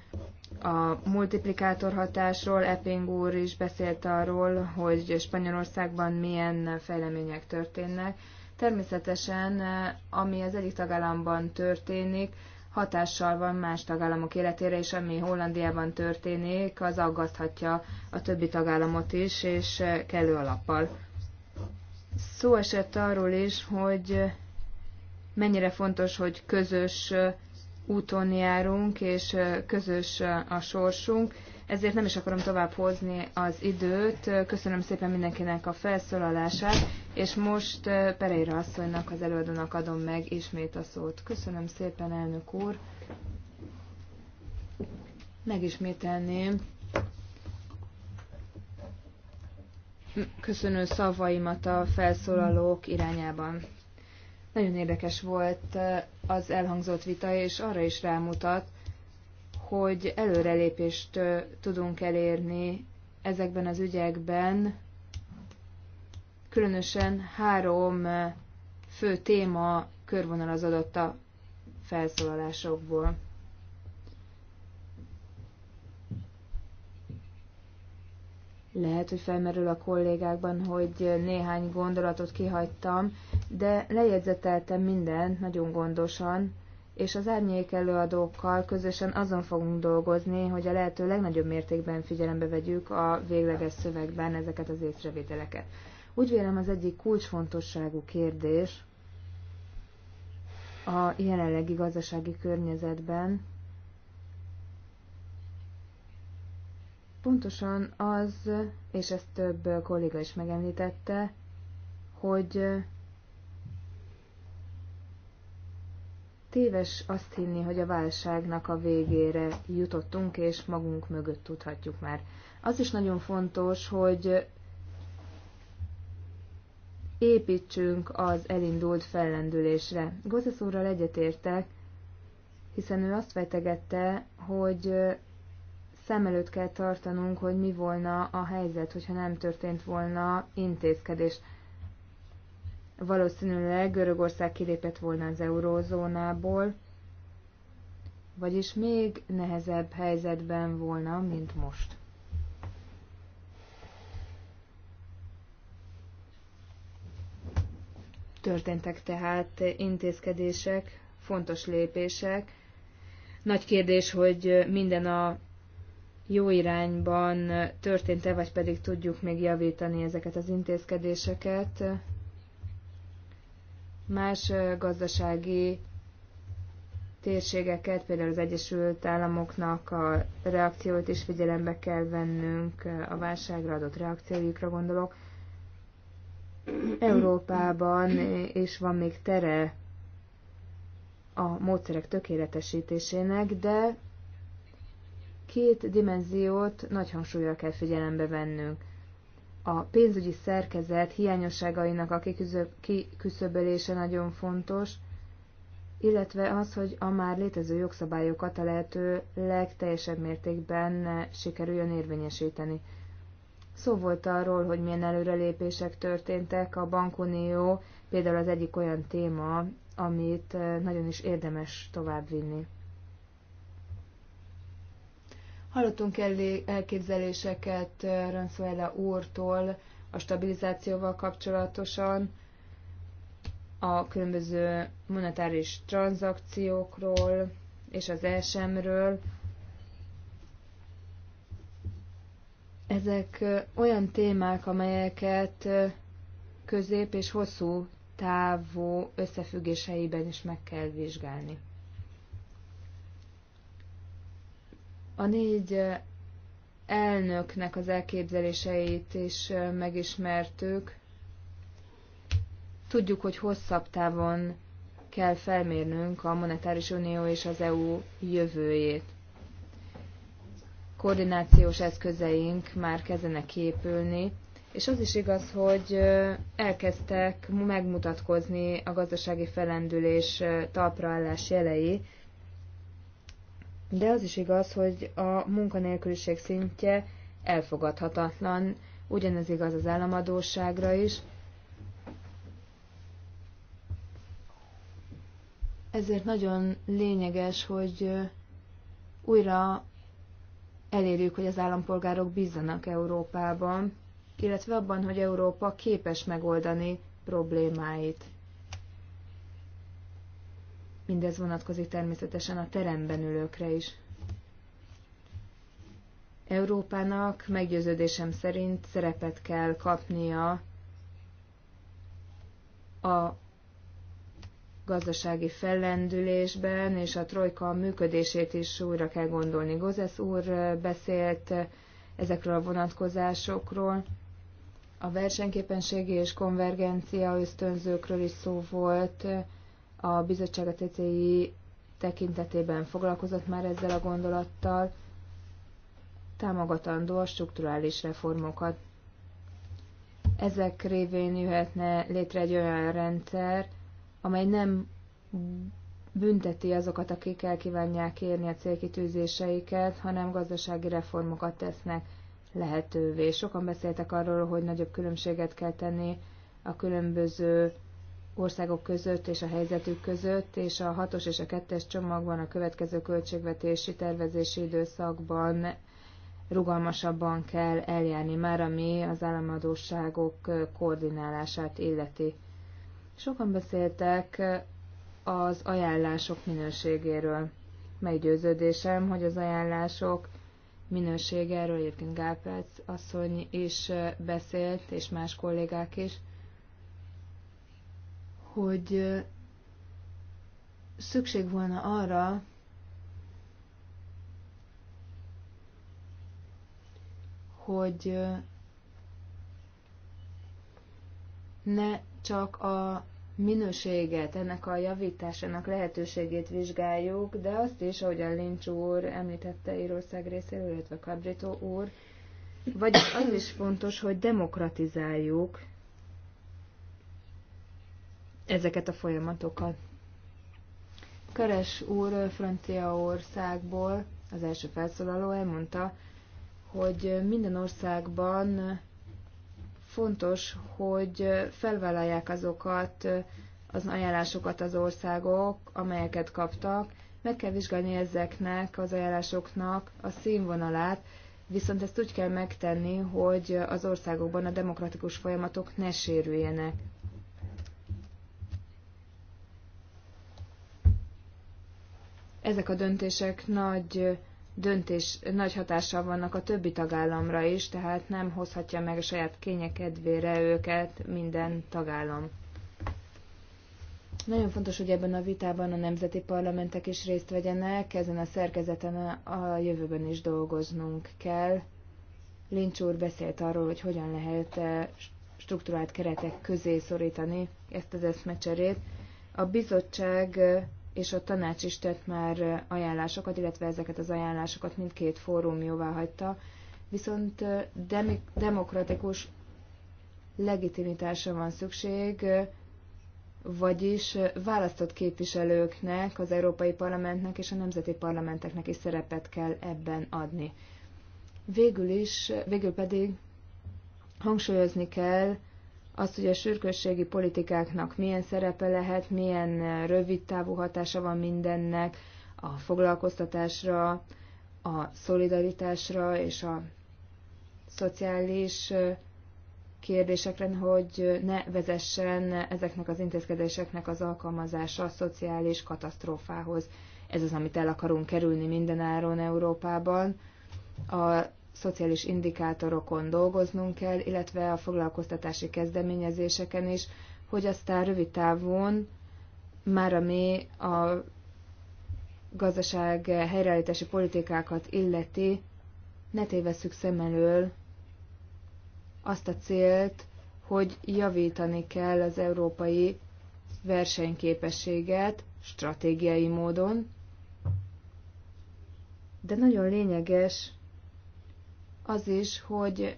a multiplikátor hatásról, Epping úr is beszélt arról, hogy Spanyolországban milyen fejlemények történnek. Természetesen, ami az egyik tagállamban történik, hatással van más tagállamok életére, és ami Hollandiában történik, az aggaszthatja a többi tagállamot is, és kellő alappal. Szó esett arról is, hogy mennyire fontos, hogy közös úton járunk, és közös a sorsunk, ezért nem is akarom tovább hozni az időt. Köszönöm szépen mindenkinek a felszólalását, és most Pereira asszonynak, az előadónak adom meg ismét a szót. Köszönöm szépen, elnök úr. Megismételném köszönő szavaimat a felszólalók irányában. Nagyon érdekes volt az elhangzott vita, és arra is rámutat, hogy előrelépést tudunk elérni ezekben az ügyekben, különösen három fő téma körvonalazódott a felszólalásokból. Lehet, hogy felmerül a kollégákban, hogy néhány gondolatot kihagytam, de lejegyzeteltem mindent nagyon gondosan, és az árnyék előadókkal közösen azon fogunk dolgozni, hogy a lehető legnagyobb mértékben figyelembe vegyük a végleges szövegben ezeket az észrevételeket. Úgy vélem az egyik kulcsfontosságú kérdés a jelenlegi gazdasági környezetben pontosan az, és ezt több kolléga is megemlítette, hogy Téves azt hinni, hogy a válságnak a végére jutottunk, és magunk mögött tudhatjuk már. Az is nagyon fontos, hogy építsünk az elindult fellendülésre. Gozesz úrral egyetértek, hiszen ő azt vetegette, hogy szem előtt kell tartanunk, hogy mi volna a helyzet, hogyha nem történt volna intézkedés valószínűleg Görögország kilépett volna az eurózónából, vagyis még nehezebb helyzetben volna, mint most. Történtek tehát intézkedések, fontos lépések. Nagy kérdés, hogy minden a jó irányban történt-e, vagy pedig tudjuk még javítani ezeket az intézkedéseket más gazdasági térségeket, például az Egyesült Államoknak a reakciót is figyelembe kell vennünk, a válságra adott reakciójukra gondolok. Európában és van még tere a módszerek tökéletesítésének, de két dimenziót nagy hangsúlyra kell figyelembe vennünk a pénzügyi szerkezet hiányosságainak a kiküszöbölése nagyon fontos, illetve az, hogy a már létező jogszabályokat a lehető legteljesebb mértékben sikerüljön érvényesíteni. Szó volt arról, hogy milyen előrelépések történtek a bankunió, például az egyik olyan téma, amit nagyon is érdemes továbbvinni. Hallottunk elképzeléseket eh, Ransuela úrtól a stabilizációval kapcsolatosan, a különböző monetáris tranzakciókról és az ESM-ről. Ezek eh, olyan témák, amelyeket eh, közép és hosszú távú összefüggéseiben is meg kell vizsgálni. A négy eh, elnöknek az elképzeléseit is eh, megismertük. Tudjuk, hogy hosszabb távon kell felmérnünk a Monetáris Unió és az EU jövőjét. Koordinációs eszközeink már kezdenek képülni, és az is igaz, hogy eh, elkezdtek megmutatkozni a gazdasági felendülés talpraállás jelei, de az is igaz, hogy a munkanélküliség szintje elfogadhatatlan, ugyanez igaz az államadóságra is. Ezért nagyon lényeges, hogy újra elérjük, hogy az állampolgárok bízzanak Európában, illetve abban, hogy Európa képes megoldani problémáit. Mindez vonatkozik természetesen a teremben ülőkre is. Európának meggyőződésem szerint szerepet kell kapnia a gazdasági fellendülésben, és a trojka működését is újra kell gondolni. Gozesz úr beszélt ezekről a vonatkozásokról. A versenyképességi és konvergencia ösztönzőkről is szó volt, a bizottság a TCI tekintetében foglalkozott már ezzel a gondolattal, támogatandó a strukturális reformokat. Ezek révén jöhetne létre egy olyan rendszer, amely nem bünteti azokat, akik el kívánják érni a célkitűzéseiket, hanem gazdasági reformokat tesznek lehetővé. Sokan beszéltek arról, hogy nagyobb különbséget kell tenni a különböző országok között és a helyzetük között, és a hatos és a kettes csomagban a következő költségvetési tervezési időszakban rugalmasabban kell eljárni már, ami az államadóságok koordinálását illeti. Sokan beszéltek az ajánlások minőségéről. Meggyőződésem, hogy az ajánlások minőségéről egyébként Gálperc asszony is beszélt, és más kollégák is – hogy szükség volna arra, hogy ne csak a minőséget, ennek a javításának lehetőségét vizsgáljuk, de azt is, a Lincs úr említette Írország részéről, illetve Cabrito úr, vagyis az is fontos, hogy demokratizáljuk ezeket a folyamatokat. Keres úr Franciaországból, az első felszólaló elmondta, hogy minden országban fontos, hogy felvállalják azokat az ajánlásokat az országok, amelyeket kaptak, meg kell vizsgálni ezeknek az ajánlásoknak a színvonalát, viszont ezt úgy kell megtenni, hogy az országokban a demokratikus folyamatok ne sérüljenek. Ezek a döntések nagy döntés nagy hatással vannak a többi tagállamra is, tehát nem hozhatja meg a saját kénye kedvére őket minden tagállam. Nagyon fontos, hogy ebben a vitában a nemzeti parlamentek is részt vegyenek, ezen a szerkezeten a jövőben is dolgoznunk kell. Lincs úr beszélt arról, hogy hogyan lehet e struktúrált keretek közé szorítani ezt az eszmecserét. A bizottság és a tanács is tett már ajánlásokat, illetve ezeket az ajánlásokat mindkét fórum jóvá hagyta, viszont demokratikus legitimitásra van szükség, vagyis választott képviselőknek, az Európai Parlamentnek és a nemzeti parlamenteknek is szerepet kell ebben adni. Végül is, végül pedig hangsúlyozni kell azt, hogy a sürgősségi politikáknak milyen szerepe lehet, milyen rövid távú hatása van mindennek a foglalkoztatásra, a szolidaritásra és a szociális kérdésekre, hogy ne vezessen ezeknek az intézkedéseknek az alkalmazása a szociális katasztrófához. Ez az, amit el akarunk kerülni mindenáron Európában. A szociális indikátorokon dolgoznunk kell, illetve a foglalkoztatási kezdeményezéseken is, hogy aztán rövid távon már ami a gazdaság helyreállítási politikákat illeti, ne tévesszük szem elől azt a célt, hogy javítani kell az európai versenyképességet stratégiai módon, de nagyon lényeges az is, hogy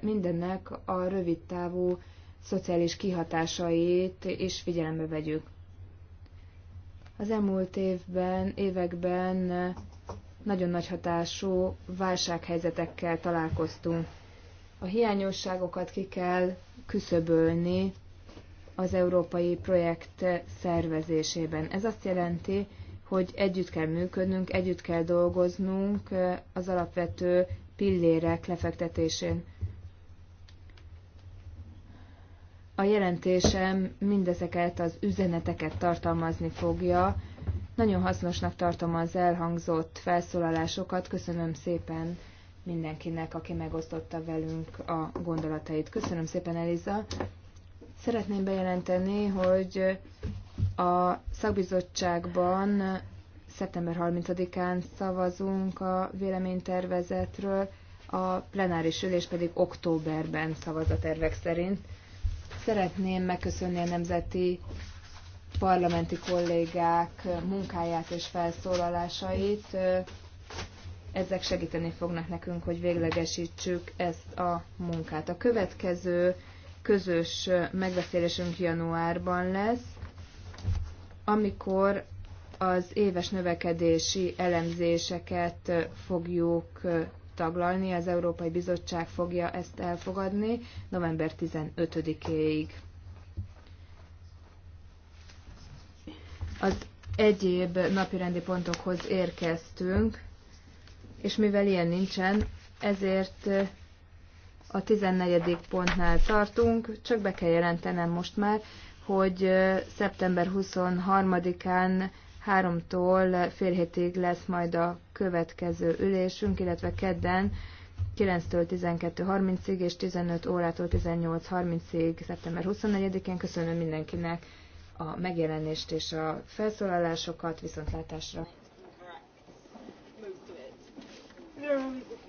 mindennek a rövid távú szociális kihatásait is figyelembe vegyük. Az elmúlt évben, években nagyon nagy hatású válsághelyzetekkel találkoztunk. A hiányosságokat ki kell küszöbölni az európai projekt szervezésében. Ez azt jelenti, hogy együtt kell működnünk, együtt kell dolgoznunk az alapvető pillérek lefektetésén. A jelentésem mindezeket az üzeneteket tartalmazni fogja. Nagyon hasznosnak tartom az elhangzott felszólalásokat. Köszönöm szépen mindenkinek, aki megosztotta velünk a gondolatait. Köszönöm szépen, Eliza. Szeretném bejelenteni, hogy a szakbizottságban Szeptember 30-án szavazunk a véleménytervezetről, a plenáris ülés pedig októberben szavaz a tervek szerint. Szeretném megköszönni a nemzeti parlamenti kollégák munkáját és felszólalásait. Ezek segíteni fognak nekünk, hogy véglegesítsük ezt a munkát. A következő közös megbeszélésünk januárban lesz, amikor az éves növekedési elemzéseket fogjuk taglalni, az Európai Bizottság fogja ezt elfogadni november 15-éig. Az egyéb napirendi pontokhoz érkeztünk, és mivel ilyen nincsen, ezért a 14. pontnál tartunk, csak be kell jelentenem most már, hogy szeptember 23-án Háromtól fél hétig lesz majd a következő ülésünk, illetve kedden 9-től 12.30-ig és 15 órától 18.30-ig szeptember 24-én. Köszönöm mindenkinek a megjelenést és a felszólalásokat, viszontlátásra! Yeah.